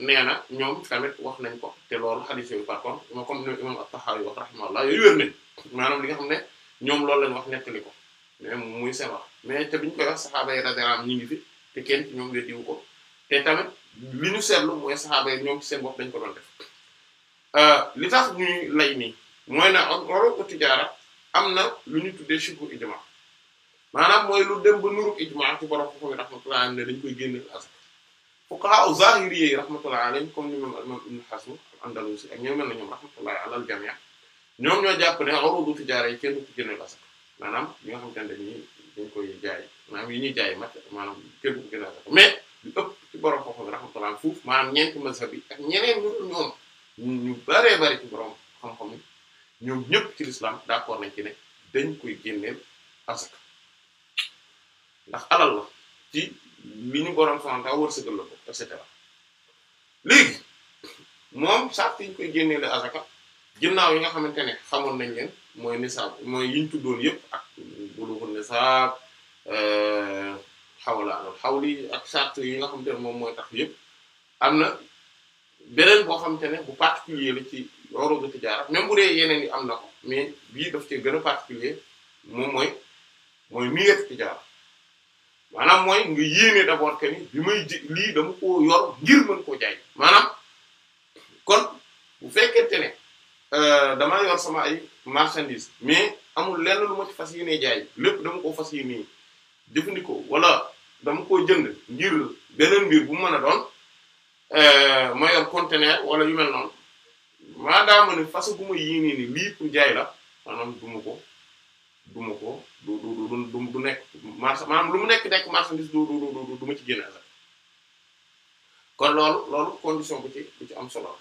na ñoom tamit wax nañ ko te lool xadiis yooyu par contre moo comme ni imam at-Tahawi wax rahimahullah yooyu wér nañ maanaam li nga xam ne ñoom loolu lañ wax nettali ko mais muy seen wax mais te biñ koy wax saxaaba yi radiyallahu anhum ñu ngi fi te kenn ci ñoom weddiwu ko te tamit li ñu seetlu mooy saxaaba yi ñoom ci seen bopp dañ ko doon def Euh, li tax ñuy lay ni mooy na uruqu tijaara am na lu ñu tuddee shibbu ijma maanaam mooy lu dem ba nuru ijma ci borom ko mi rahmatullah alayhi ne dañ koy génne asaka fuqaha zahiri yi rahmatullah alayhi comme ñoom na ñoom rahmatullah ala ñoo jàpp ne uruqu tijaara yi kenn du ko génne maanaam ñi nga xam te ne koy jaay maanaam yi ñuy jaay mat maanaam kenn du ko génne asaka mais lu ëpp ci borom ko mi rahmatullah maanaam ñeenti mazhab yi ak ñeneen ñu ñoom ñu baree bari ci borom xam-xam yi ñoom ñëpp ci lislaam d'accord nañ ci ne dañ koy génneel asaka ndax alal la ci li ñu borom xamante war sëgal la ko et cetera léegi moom sart yi koy génneele asaka ginnaaw yi nga xamante ne xamoon nañ leen mooy nisaab mooy yiñ tuddoon yëpp ak bulughun nisaab xawla euh, alal xawli ak sart yi nga xamante moom mooy tax yëpp am na beneen boo xamante ne bu particulier la ci roruga tijaara même bu dee yeneen yi am na ko mais bii daf ci gën a particulier moom mooy mooy niyat tijaara maanaam mooy ngi yéene d'abord que ni bi may ji lii dama koo yor ngir mën koo jaay maanaam kon bu fekkente ne euh, damaa yor sama ay marchandise mais amul lenn lu ma ci fas yéene jaay lépp dama koo fas nii jëfandikoo wala dama koo jënd ngir beneen mbir bu mu mën a doon Euh, ma yor conteneur wala yu mel noonu maadaama ne façon bu ma yéenee ni lii pour jaay la maanaam du ma ko du ko du du du nekk marché maanaam lu mu nekk nekk marchandise du du du du ma ci génne la kon loolu loolu condition bu ci am solo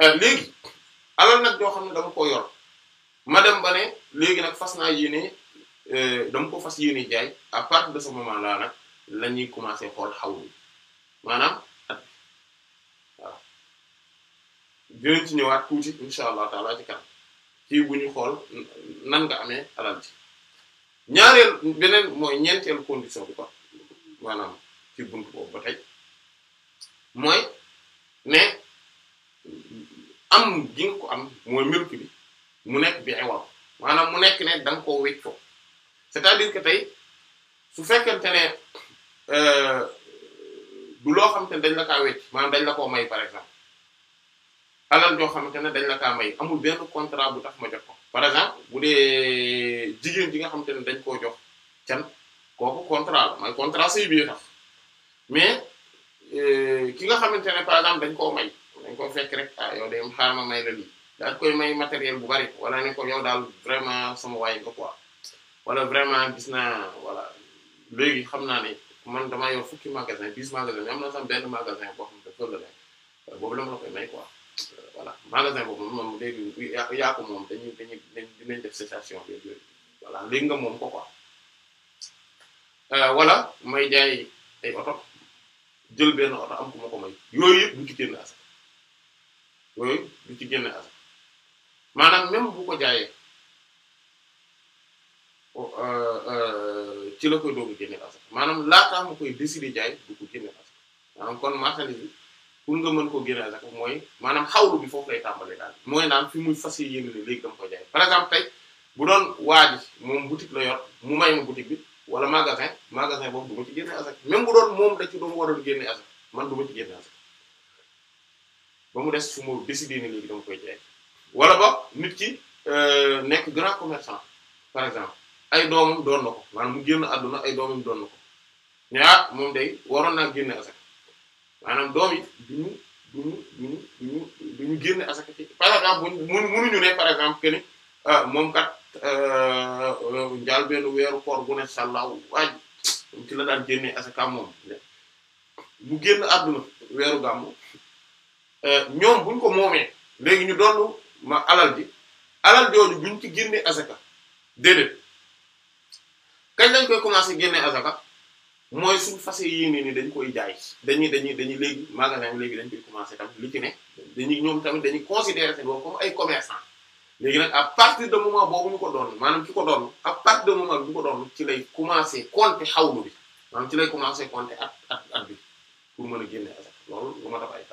euh, léegi alal nag doo xam ne dama ko yor ma dem ba ne léegi nag fas naa yéenee euh, dama ko fas yéenee jaay à partir de ce moment là nag la ñuy commencer xool xawlu maanaam. dinañ ci ñëwaat tuuti incha allah taala ci kanam ci bu xool nan nga amee alal ji ñaareel beneen mooy ñeenteelu condition bi ko maanaam ci buntu boobu ba mooy ne am gi ko am mooy milk bi mu nekk bi iwam maanaam mu nekk ne da nga koo wéccoo c'est-à-dire que tey su fekkente ne euh, du loo xam te dañ la kaa wécc maanaam dañ la koo may par exemple alal joo xamante ne dañ la kaa may amul benn contrat bu tax ma jox ko par exemple bu dee jigéen ji nga xamante ne dañ koo jox can kooku contrat la mooy contrat sëy bi tax mais euh, ki nga xamante ne par exemple dañ koo may dañ koo fekk rek ah yow day xaar ma may koy may matériel bu bari wala ne ko yow daal vraiment sama waay nga quoi wala vraiment gis naa voilà léegi xam naa ne man damaa yor fukki magasin 10 magasin am na magasin boo xam ne fële la la ma koy may quoi. voilà magasin boobu moom léegi yaa moom dañuy dañuy dinañ def cessation bi voilà léegi nga moom ko quoi wala euh, may jaay ay oto jël benn oto am ku ma ko may yooyu yëpp du ci génn asaka yooyu du ci génn asaka maanaam même bu ko jaayee euh, euh, ci la koy doogu génne asaka maanaam laataa ma koy décider jaay du ko génne asaka maanaam kon marchandise bi pour nga mën koo génne asaka mooy maanaam xawlu bi foofu lay tàmbalee daal mooy naan fi muy fas yéene ne léegi dama ko jaay par exemple tey bu doon waa ji moom boutique la yor mu may ma boutique bi wala magasin magasin boobu du ma ci génne asaka même bu doon moom da ci doon waroon génne asaka man du ma ci génne asaka mu des fu ma décidé ne koy jaay wala ba nit ki euh, nekk grand commerçant par exemple ay doomam doon na ko maanaam mu génn àdduna ay doomam doon na ah moom day waroon naa génne maanaam doom yi duñu duñu duñu duñu duñu génn asaka ci par exemple ah, mun munuñu ne par exemple que ni ah, moom kat euh, njaal benn weeru koor bu ne sàllaaw waaj ci la daan génnee asaka moom bu génn àdduna weeru gàmmu euh, ñoom buñ ko moomee léegi ñu doon ma alal ji alal jooju buñ ci génnee asaka déedéet kañ lañ koy commencé génnee asaka mooy suñu fase yéene ni dañ koy jaay dañuy dañuy dañuy léegi magasin léegi dañ koy commencer tam li ci ne dañuy ñoom tamit dañuy considérer seen bopp comme ay commerçant léegi nag à partir de moment boobu ñu ko doon maanaam ci ko doon a partir de moment bi ñu ko doon ci lay commencer compter xawlu bi maanaam ci lay commencer compter ak at at bi pour mën a génne asaka loolu lu ma daf ay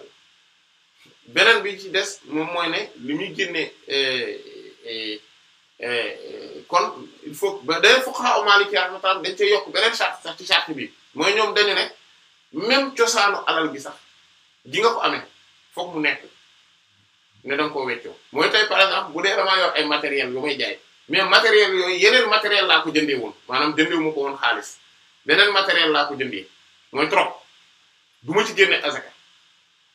beneen bi ci des moom mooy ne li muy génne euh, euh, Eh, kon il faut ba day fuqaha Maliki rahmatullah dañ ci yokk beneen charte sax ci charte bi mooy ñoom dañu ne même cosaanu alal gi sax di nga ko amee foog mu nekk ne danga koo weccoo mooy tey par exemple bu dee damaa yor ay matériel yu may jaay mais matériel yooyu yeneen matériel laa ko jëndee woon maanaam jëndee wu ko woon xaalis beneen matériel laa ko jëndee mooy trop du ma ci génne azaka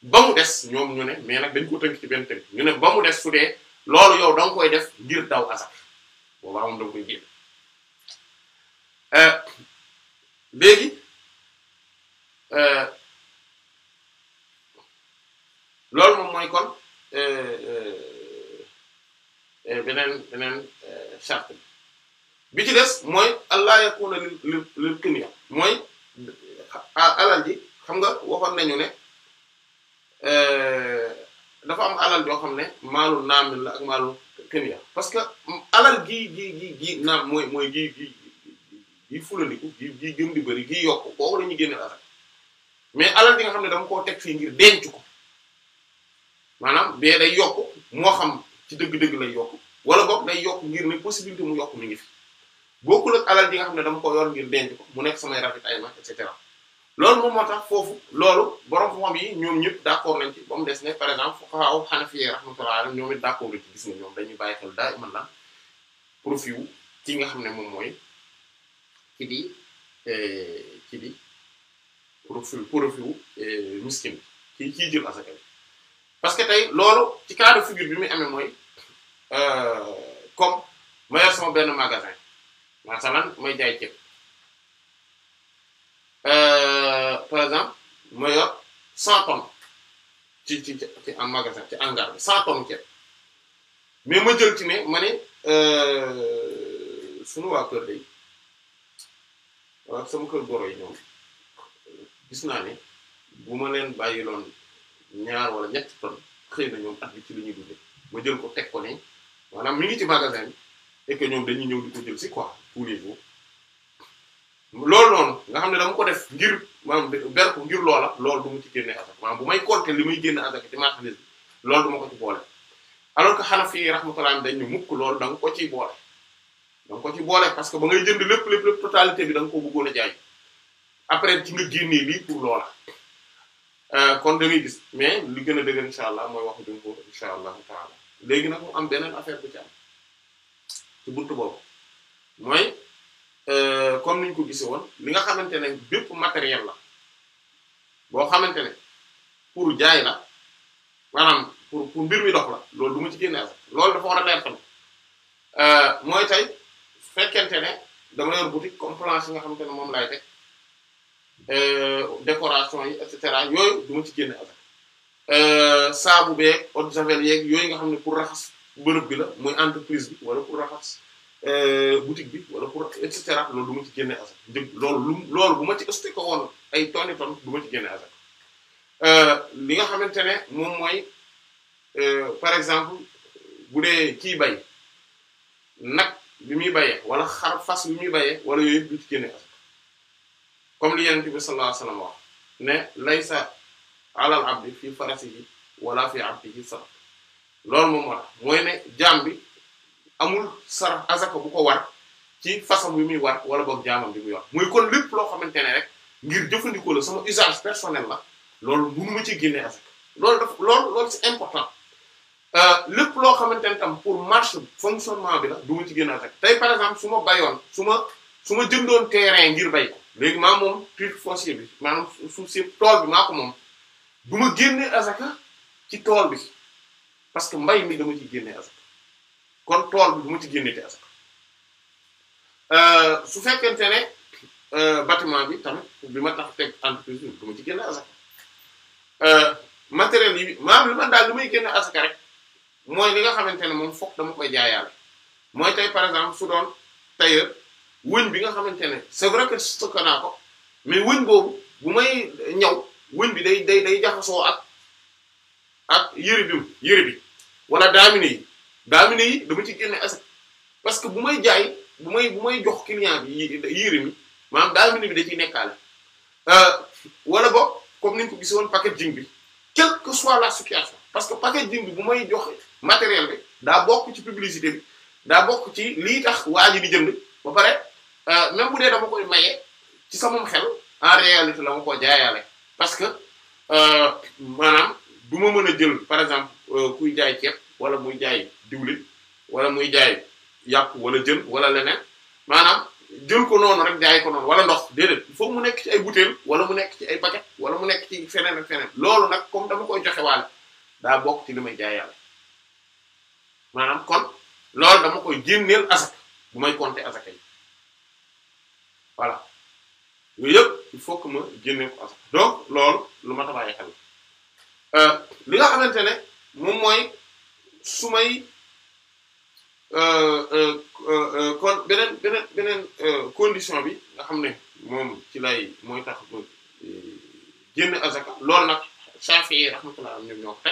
ba mu des ñoom ñu ne mais nag dañ ko tënk ci benn tënk ñu ne ba mu des su dee loolu yow da koy def ngir daw asaka boobaa moom da koy génn euh, léegi euh, loolu moom mooy kon euh, beneen beneen charte bi bi ci des mooy allah yakuna lil lil kimiya mooy alal ji xam nga waxoon nañu ne. dafa am alal joo xam ne maalu naamin la ak maalu ximiya parce que alal gii gi gii gi naam mooy mooy gii gi gii fulandiku gii gii gëm di bëri gii yokk kooku la ñu génne alal mais alal bi nga xam ne dama koo teg fii ngir denc ko maanaam bee day yokk moo xam ci dëgg-dëgg lay yokk wala boog day yokk ngir ne possibilité mu yokk mi ngi fi bokkul ak alal bi nga xam ne dama ko yor ngir denc ko mu nekk samay rafet ay ma et cetera loolu moom moo tax foofu loolu borom xam-xam yi ñoom ñëpp d'accord nañ ci ba mu des ne par exemple fuqaha hanafi rahmatullahi alayhim ñoom it d'accord ci gis ne ñoom dañuy bàyyi xel daa iman lan nga xam ne moom mooy ci di ci eh, di profil profil wu eh, miskin bi ci ciy jël asaka parce que tey loolu ci cas de bi muy amee mooy euh, comme ma yor benn magasin masalan may jaay ceeb euh, par exemple ma yor cent tonnes ci ci ci en magasin ci hangar bi cent tonnes ceeb mais ma jël ci ne ma ne euh, sunu waa kër day sama kër goro yi ñoom gis naa ne bu ma leen bàyyiloon ñaar wala ñetti tonnes xëy na ñoom at bi ci li ñuy dundee ma jël ko teg ko ne maanaam mi ngi ci magasin bi ñoom dañuy ñëw di ko jël si quoi tous les jours. loolu noonu nga xam ne dama ko def ngir maanaam ber ko ngir loola loolu du mu ci génne azak maanaam bu may compter li may génne azak ci marchandise duma loolu du ma ko ci boole alors que Hanafi yi rahmatullah dañ ñu mukk lool da nga ko ciy boole da ko ci boole parce que ba ngay jënd lépp lépp lépp totalité bi da ko bëggoon a jaay après ci nga génnee lii pour loola euh, kon da ngay gis mais lu gën a dëgër incha allah mooy wax jumhur incha allah taala léegi nag mu am beneen affaire bu ci am Euh, comme niñ ko gisee woon li nga xamante ne bépp matériel la boo xamante ne pour jaay la maanaam pour pour mbir mi dox la loolu du ma ci génne ak loolu dafa war a leer tamit euh, ne dama yor boutique yi nga xamante ne moom laay teg euh, décoration yi et cetera yooyu du ma ci génne ak saabu beeg eau de javel yeeg yooyu nga xam ne pour raxas bërëb bi la muy entreprise bi wala pour raxas. Euh, boutique bi wala pour et cetera loolu du ma ci génne azak loolu lu bu ma ci ësti ko woon ay tonni ton du ma ci génne azak euh, li nga xamante ne moom mooy euh, par exemple bu dee ci bay nag bi muy bayee wala xar fas yu muy bayee wala yooyu yëpp du ci génne azak comme li yenente bi sallallahu alayhi wasallam wax ne laysa alal abdi fi farasihi wala fi abdihi sadaq loolu moom moo mooy ne jaam bi amul sarax azaka bu ko war ci façon bi muy war wala boog jaamam bi muy war muy kon lépp loo xamante ne rek ngir jëfandikoo la sama usage personnel la loolu mënu ma ci génne azaka loolu daf lool loolu c'est important euh, lépp loo xamante ne tam pour marche fonctionnement bi la du ma ci génne azaka tey par exemple su ma bayoon su ma su ma jëndoon terrain ngir bay ko léegi maa moom titre foncier bi maanaam suuf si tool bi maa ko moom du ma génne azaka ci tool bi parce que mbay mi dama ci génne azaka kon tool bi bu mu ci génnee te asaka euh, fekkente ne euh, bâtiment bi tamit ma tax teg entreprise bi du ma ci génne euh, matériel yi maanaam li ma daal li may génne asaka rek mooy li nga xamante ne moom foog dama koy jaayaale mooy tay par exemple su doon tailleur wëñ bi nga xamante ne c'est vrai que stocké naa ko mais wëñ boobu bu may ñaw wëñ bi day day day jaxasoo ak ak yëre bi yëre bi wala daamine yi daamine yi dama ci génne as parce que bu may jaay bu may bu may jox client bi yére mi maanaam daamine bi da ciy nekkaale euh, wala bo comme niñ ko gis woon packaging bi quelle que soit la situation parce que packaging bi bu may jox matériel bi daa bokk ci publicité bi daa bokk ci lii tax waa ji di jënd ba pare euh, même bu dee dama koy maye ci sama xel en réalité la ma ko jaayaale parce que euh, maanaam du ma mën a jël par exemple kuy jaay ceeb wala muy jaay diwlin wala muy jaay yàpp wala jën wala leneen maanaam jël ko noonu rek jaay ko noonu wala ndox déedéet il faut mu nekk ci ay bouteille wala mu nekk ci ay paquet wala mu nekk ci feneen ak feneen nag comme dama koy joxe waale daa bokk ci li may jaay maanaam kon loolu dama koy génneel asaka bu may compter asaka yi yëpp il faut que ma génneel ko asaka donc loolu lu ma tabaayee xel euh, li nga xamante ne moom mooy. su may euh, euh, euh, kon beneen beneen condition bi nga xam ne moom ci lay mooy tax ba génn azaka loolu nag Shafi'i rahmatullah am ñoom ñoo ko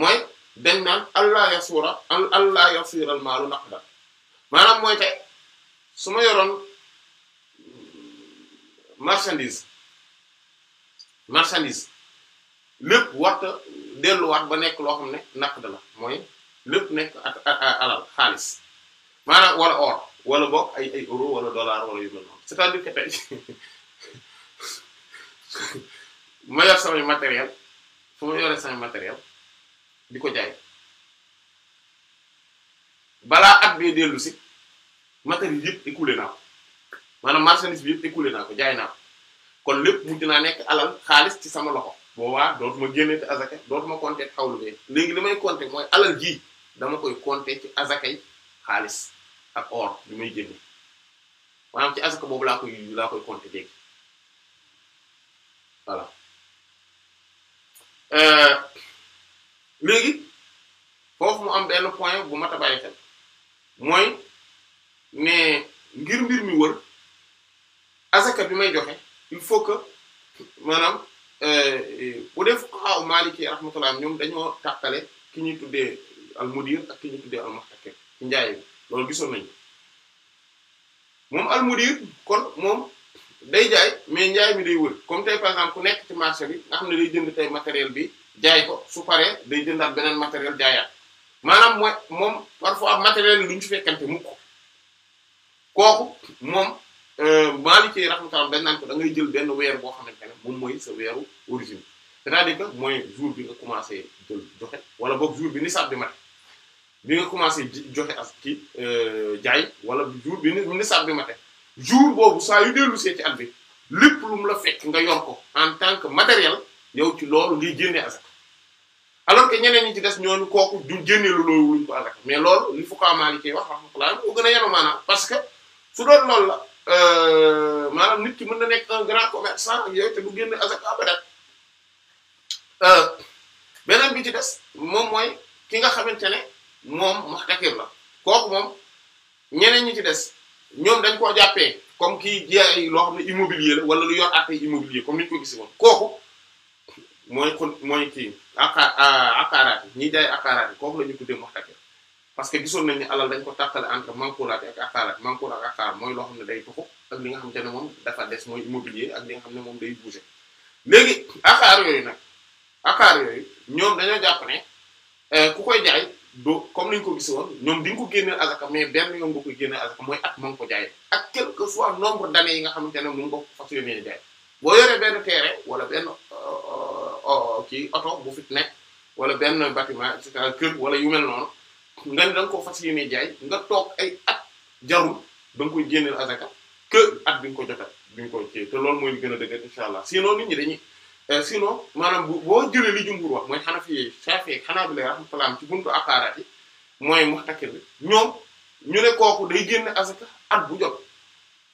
mooy dañ naan allah yasura allah yasiral maalu naqdan maanaam mooy tey su ma yoroon marchandise marchandise lépp waxta delluwaat ba nekk loo xam ne naqd la mooy lépp nekk ak alal xaalis maanaam wala or wala bokk ay euro wala dollar wala yu mel noonu c'est-à-dire que tey ma yor samay matériel fu ma yoree samay matériel di ko jaay balaa at bee dellu si matériel yëpp écoulé naa ko maanaam marchandise bi yëpp écoulé naa ko jaay naa ko kon lépp mujj naa nekk alal xaalis ci sama loxo boobaa dootuma génneeti azaka dootuma compter xawlu bee léegi li may compter mooy alal dama koy compter ci azakay xaalis ak or bi may génne maanaam ci azaka boobu laa koy laa koy léegi voilà euh, léegi foofu mu am benn point bu mat a bàyyi xel mooy ne ngir mbir mi wër azaka bi may joxe il faut que maanaam euh, bu def xaaw Maliki rahmatullah ñoom dañoo tàqale ki ñu tuddee almudir ak ki ñu tuddee almuhtakir ci njaay bi loolu gisoon nañu moom almudir kon moom day jaay mais njaay mi day wër ku nekk ci bi nga xam ne jënd tey matériel bi jaay ko su paree day jëndaat beneen matériel jaayaat maanaam mooy moom parfois matériel yi duñ ci fekkante mukk kooku moom euh, Maliki rahmatullah dañ naan ko da ngay jël benn weer boo xamante ne moom mooy sa weeru origine c'est-à-dire que mooy jour bi nga commencé jël joxe wala boog jour bi nisab bi mat bi nga commencé joxe as ki euh, jaay wala jour bi ni nisaab bi ma teg jour boobu saa yu lu see ci at bi lépp lu mu la fekk nga yor ko en tant que matériel yow ci loolu ngay génnee asaka alors que ñeneen ñi ci des ñooñu kooku du génne lu loolu luñ ko asaka mais loolu li fuqahaa maaliki wax rahmatullah ko gën a yenu maanaam parce que su doon loolu la euh, maanaam nit ci mën na nekk un grand commerçant ak yooyu te du génne asaka abadan euh, beneen bi ci des moom mooy ki nga xamante ne moom muxtakir la kooku moom ñeneen ñu ci des ñoom dañ koo jàppee comme kii jaay loo xam ne immobilier la wala lu yor at immobilier comme ni ñu ko woon kooku mooy kon mooy kii aka akaaraat yi ñiy jaay akaaraat yi kooku la ñu tuddee muxtakir parce que gisoon nañ ne alal dañ ko tàqale entre mankuuraat ak akaaraat mankuur ak akaar mooy loo xam ne day tuxu ak li nga xamante ne moom dafa des mooy immobilier ak li nga xam ne moom day bouger léegi akaar yooyu nag akaar yooyu ñoom dañoo jàpp euh, ku koy jaay do comme ni ñu ko gis woon ñoom di ko génneel azaka mais benn yoon nga koy génneel azaka mooy at ma nga ko jaayee ak quelque soit nombre d'années yi nga xamante ne moom nga ko fas yéenee jaay boo yoree benn terrain wala benn euh, euh, euh, kii oto bu fi nekk wala benn bâtiment et cetera kër wala yu mel noonu nga ne da nga koo fas yéenee jaay nga toog ay at jarul da nga koy génneel azaka que at bi nga ko jotal bi ko cee te loolu mooy li gën a allah sinon nit ñi dañuy. Euh, sinon maanaam boo jëlee li jumhur wax mooy Hanafi Shafi'i Hanabila rahmatullah ci buntu akaaraat yi mooy muhtakir bi ñoom ñu ne kooku day génn asaka at bu jot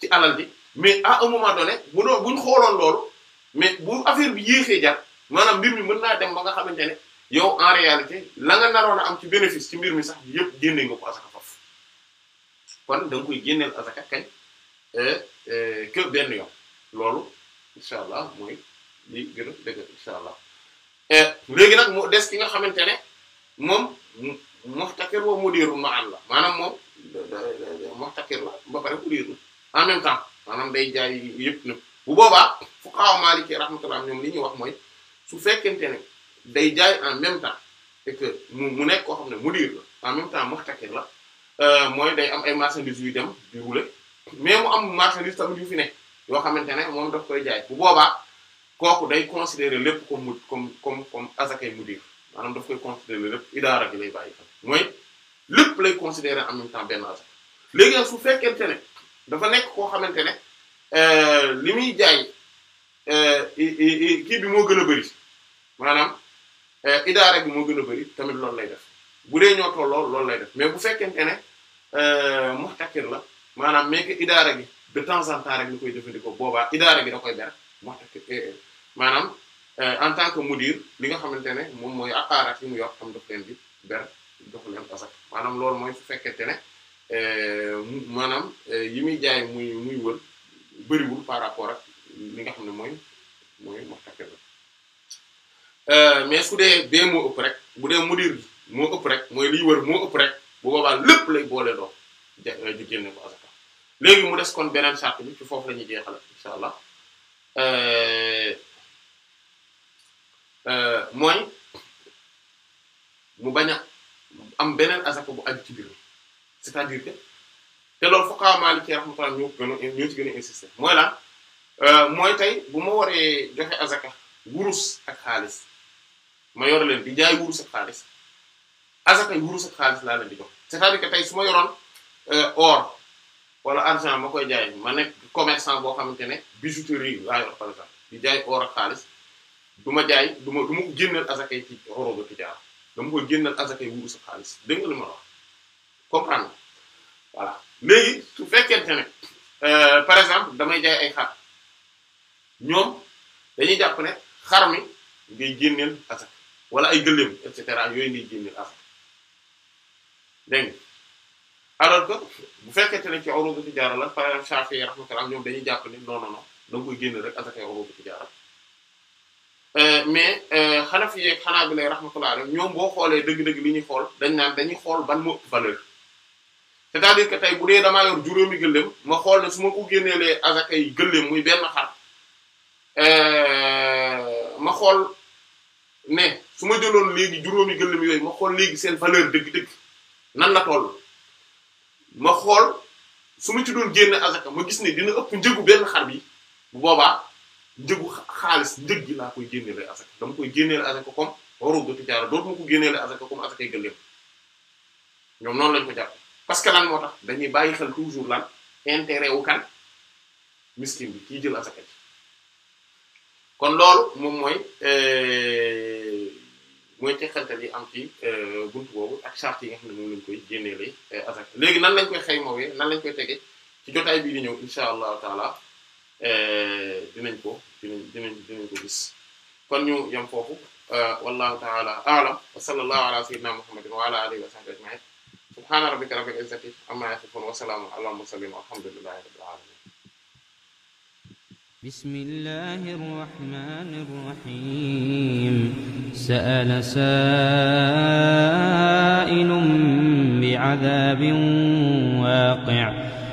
ci alal bi mais à un moment donné bu doon bu xooloon loolu mais bu affaire bi yéexee jar maanaam mbir mi mën naa dem ba nga xamante ne yow en réalité la nga naroon a am ci bénéfice ci mbir mi sax yépp génne nga ko asaka foofu kon da koy génneel asaka kañ euh, euh, que benn yoon loolu incha allah mooy. li gën a dëgg eh, léegi nag moo des ki nga xamante ne moom muxtakir wa mudirun ma'an la maanaam moom muxtakir la ba pare mudirun en même temps maanaam day jaay yëpp na bu boobaa fuqaha maliki rahmatullah ñoom li ñuy wax mooy su fekkente ne day jaay en même temps mu nekk koo xam ne mudir la en même temps muxtakir la euh, mooy day am ay marchandises yu dem di rouler mu am marchandise tamit yu fi ne yoo xamante ne moom daf koy jaay bu boobaa. kooku day considérer lépp comme mu comme comme comme azakay mudir maanaam daf koy considérer lépp idaara gi lay bàyyi mooy lépp lay considérer am même temps benn azak léegi su fekkente ne dafa nekk koo xamante ne euh, li muy jaay euh, kii bi moo gën a bëri maanaam euh, idaara bi moo gën a bëri tamit loolu lay def bu dee ñoo tolloo loolu lay def mais bu fekkente ne muxtakir la maanaam mais que idaara gi de temps en temps rek ñu koy jëfandikoo boobaa idaara gi da koy ber eh, maanaam euh, en tant que mudir li nga xamante ne moom mooy apparat yi mu yor xam daf leen bi ber jox leen tasak maanaam loolu mooy su fekkente ne euh, maanaam euh, yi muy jaay muy muy wër bëriwul par rapport ak li nga xam ne mooy mooy moxtake la mais su dee bee moo ëpp rek bu dee mudir moo ëpp rek mooy liy wër moo ëpp rek bu boobaa lépp lay boole doo ju génne ko asaka léegi mu des kon beneen charte bi ci foofu la ñuy jeexal incha allah Euh, mooy mu bañ a am beneen asaka bu aju ci biir c'est-à-dire que te loolu fuqaha maliki rahmatullah ñoo ko gën a gën a insister mooy la euh, mooy tey bu ma waree joxe azaka wurus ak xaalis ma yor leen di jaay wurus ak xaalis azaka wurus ak xaalis laa leen di jox c'est-à-dire que tey su ma yoroon euh, or wala argent ma koy jaay ma nekk commerçant boo xam ne bijouterie laa yor par exemple di jaay or xaalis du ma jaay du ma du ma ko génneel asakay ci xoroba tijaara dama koy génneel asakay wuru sa xaalis dégg nga li ma wax comprendre voilà léegi su fekkente ne euh, par exemple damay jaay ay xar ñoom dañuy jàpp ne xar mi ngay génneel asak wala ay gëléem et cetera yooyu ngay génneel asak dégg nga alors que bu fekkente ne ci xoroba tijaara la par exemple Shafi'i rahmatullah ñoom dañuy jàpp ne non non non da nga koy génneel rek asakay xoroba tijaara Euh, mais xanaf euh, yeeg xanaa bi lay rahmatullah alayhim ñoom boo xoolee dëgg-dëgg li ñuy xool dañ naan dañuy xool ban moo ëpp valeur c'est-à-dire tey bu dee damaa yor juróomi gëléem ma xool su ma ko génneelee azaka yi gëléem muy benn xar euh, ma xool ne su ma jëloon léegi juróomi gëléem yooyu ma xool léegi seen valeur dëgg-dëgg nan la toll ma xool su ma ci doon génne azaka ma gis ne dina ëpp njëgu benn xar bi boobaa njëgu xaalis njëg gi laa koy génneele asaka dama koy génneele asaka comme waru gati jaara dootuma ko génneele asaka ñoom noonu lañu ko jàpp parce que lan moo tax dañuy bàyyi xel toujours lan intérêt wu kan miskin bi kii jël asaka kon loolu moom mooy euh, mooy teqantal yi am ci euh, buntu boobu ak charte yi nga xam ne moom lañ koy génneele euh, asaka léegi nan lañ koy xayma wee nan lañ koy tege ci jotaay bii di ñëw insha allahu taala dinañ euh, ko dinañ dinañ dinañ ko gis kon ñu yem foofu euh, wallahu ta'ala a'lam wa sallallahu ala sayyidina muhammadin wa ala alihi wa sahbihi ajma'in subhana rabbika rabbil izzati amma yasifun wa salamun ala mursalin walhamdulillahi rabbil alamin بسم الله الرحمن الرحيم سأل سائل بعذاب واقع